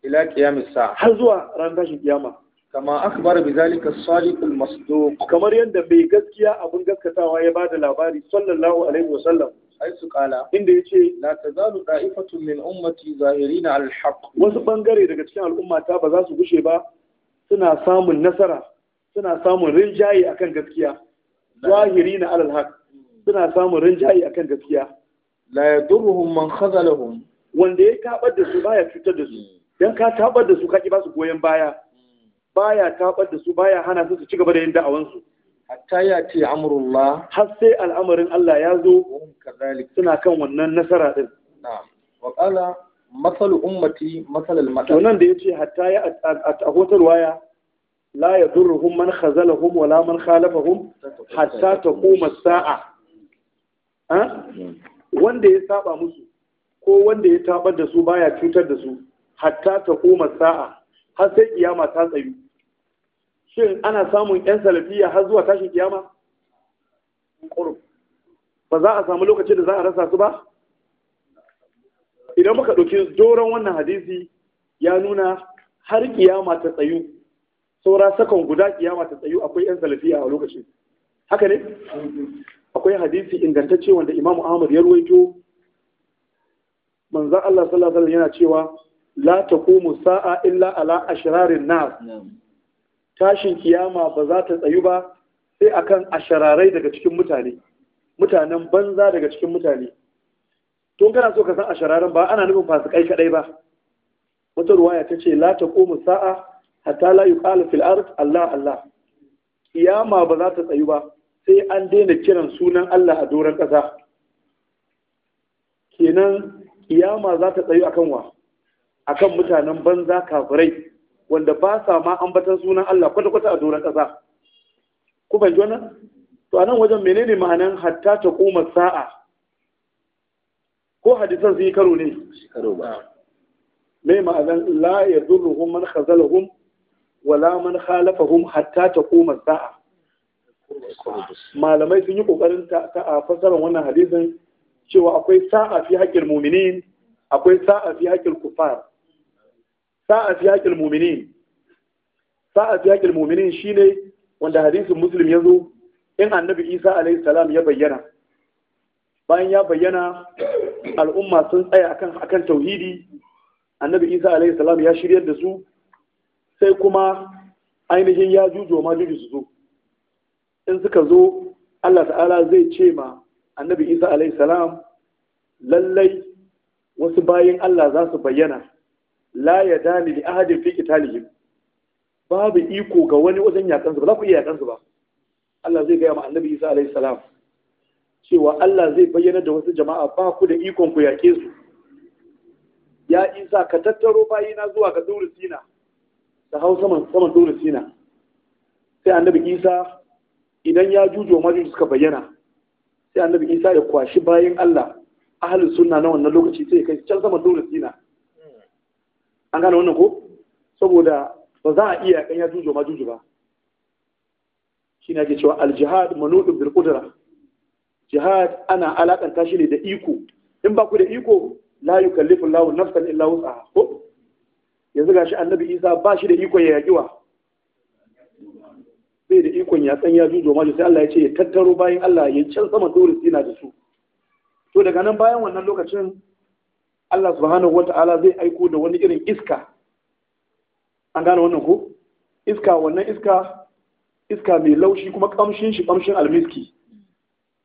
ila qiyamis sa har zuwa ran tashin kiyama kama akbar bi zalika as-sadiq masduq kamar yadda mai gaskiya abin gaskatawa ya bada labari sallallahu alaihi wa sallam haisu kala inda yace la tazalu da'ifatun min ummati zahirina al haqq wasu bangare daga cikin al'ummata ba za su gushe ba suna samun nasara suna samun rinjaye akan gaskiya zahirina al haqq suna samun rinjaye kan gaskiya la yadurruhum man khazalahum wanda ya tabar da su baya cutar da su hmm. dan ka taɓar da su ka ki ba su goyon baya hmm. baya taɓar da su baya hana su su ci gaba da yin da'awansu. hatta ya ce amrullah har sai al'amarin Allah ya zo suna kan wannan nasara din na'am wa qala masalu ummati masal al-matal wannan da yace hatta ya a atahotar waya la yadurruhum man khazalahum wala man khalafahum hatta taquma koma saa wanda ya saba musu ko wanda ya tabar da su baya cutar da su hatta ta koma sa'a har sai kiyama ta tsayu shin ana samun yan salafiya har zuwa tashin kiyama ba za a samu lokacin da za a rasa su ba idan muka ɗauki doron wannan hadisi ya nuna har kiyama ta tsayu saura sakon guda kiyama ta tsayu akwai yan salafiya a lokacin haka ne akwai hadisi ingantacce wanda imamu ahmad ya ruwaito manzan allah sallallahu alaihi yana cewa la taqumu sa'a illa ala ashrarin nas tashin kiyama ba za ta tsayu ba sai akan ashararai daga cikin mutane mutanen banza daga cikin mutane tun kana so ka san ashararan ba ana nufin fasikai kadai ba wata ruwaya ta ce la taqumu sa'a hatta la yuqalu fil ard Allah Allah kiyama ba za ta tsayu ba sai an daina kiran sunan Allah a doron ƙasa kenan kiyama za ta tsayu akan wa akan mutanen banza kafirai wanda ba sa ma ambatan sunan Allah kwata-kwata a doron ƙasa ku ban wannan to anan wajen menene ma'anan hatta ta koma sa'a ko hadisan sun yi karo ne karo ba mai ma'azan la yadurruhum man khazalahum wala man khalafahum hatta ta koma sa'a malamai sun yi kokarin ta a fasarar wannan hadisin cewa akwai sa'a fi haƙƙin muminin akwai sa'a fi haƙƙin kufar sa'a fi haƙƙin muminin sa'a fi haƙƙin muminin shine wanda hadisin muslim ya zo in annabi isa alaihi salam ya bayyana bayan ya bayyana al'umma sun tsaya akan akan tauhidi annabi isa alaihi salam ya shiryar da su sai kuma ainihin ya jujo ma juju su zo in suka zo Allah ta'ala zai ce ma annabi Isa alaihi salam lallai wasu bayin Allah za su bayyana la ya dani li ahadin fi qitalihim babu iko ga wani wajen yakansu ba za ku iya yakansu ba Allah zai gaya ma annabi Isa alaihi salam cewa Allah zai bayyana da wasu jama'a ba ku da ikon ku yake su ya Isa ka tattaro bayina zuwa ga Duru Sina hau saman saman Duru Sina sai annabi Isa idan ya jujo majuju suka bayyana sai annabi isa ya kwashi bayan allah ahalin sunna na wannan lokaci sai kai can sama dole sina an gane wannan ko saboda ba za a iya kan ya jujo majuju ba shine ake cewa aljihad manudun bil qudra jihad ana alakanta shi ne da iko in ba ku da iko la yukallifu Allahu nafsan illa wus'aha ko yanzu gashi annabi Isa ba shi da iko ya yaƙiwa. sai da ikon ya san ya zuzo maju sai Allah ya ce ya tattaro bayan Allah ya can sama dole sina da su to daga nan bayan wannan lokacin Allah subhanahu wata'ala zai aiko da wani irin iska an gane wannan ko iska wannan iska iska mai laushi kuma kamshin shi kamshin almiski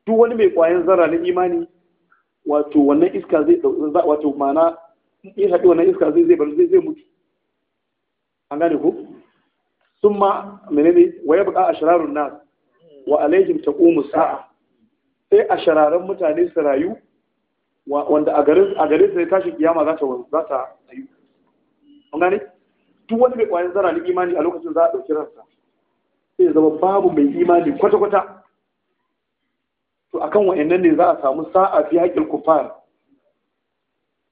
duk wani mai kwayan zara na imani wato wannan iska zai wato mana in haɗe wannan iska zai zai zai mutu an gane ko summa menene wa yabqa ashrarun nas wa alaihim taqumu sa'a sai ashararan mutane su rayu wanda a garin su garin sai tashi kiyama za ta za ta rayu an gane duk wani mai kwayan zara ni imani a lokacin za a ɗauki ransa sai ya zama babu mai imani kwata kwata to akan wayannan ne za a samu sa'a fi haƙƙin kufar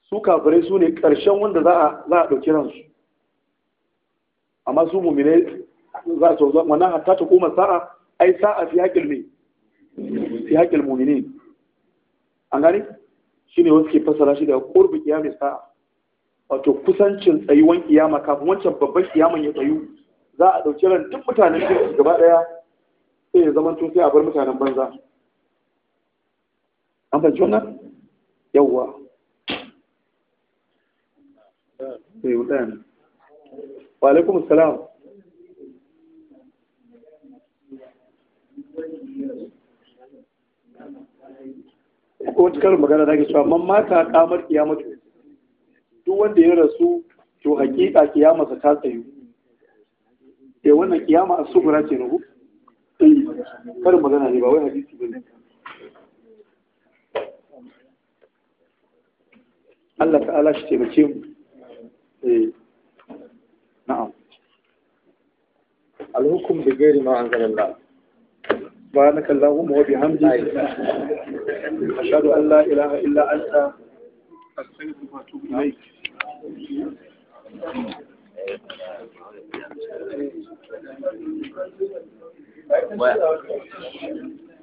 su kafirai su ne ƙarshen wanda za a ɗauki a ransu amma su mu'mine za su zo wannan hatta ta koma sa'a ai sa'a fi haƙil ne fi haƙil mu'mine an gani shine wasu ke fassara shi da ƙorbi qiyamis sa'a wato kusancin tsayuwan kiyama kafin wancan babban kiyaman ya tsayu za a ɗauki ran duk mutanen shi gaba ɗaya sai ya zama sai a bar mutanen banza an fahimci wannan yawwa sai wuɗaya wa alaikum salam ko wata karin magana da ke cewa man mata kamar kiyamatu duk wanda ya rasu to hakika kiyamarsa ta tsayu eh wannan kiyama a sugura ce rubu eh, karin magana ne ba wai hadisi ba ne Allah ta'ala shi taimake mu eh na'am al-hukm bi ghairi ma anzalallah سبحانك اللهم وبحمدك أشهد أن لا إله إلا أنت أستغفرك وأتوب إليك Well.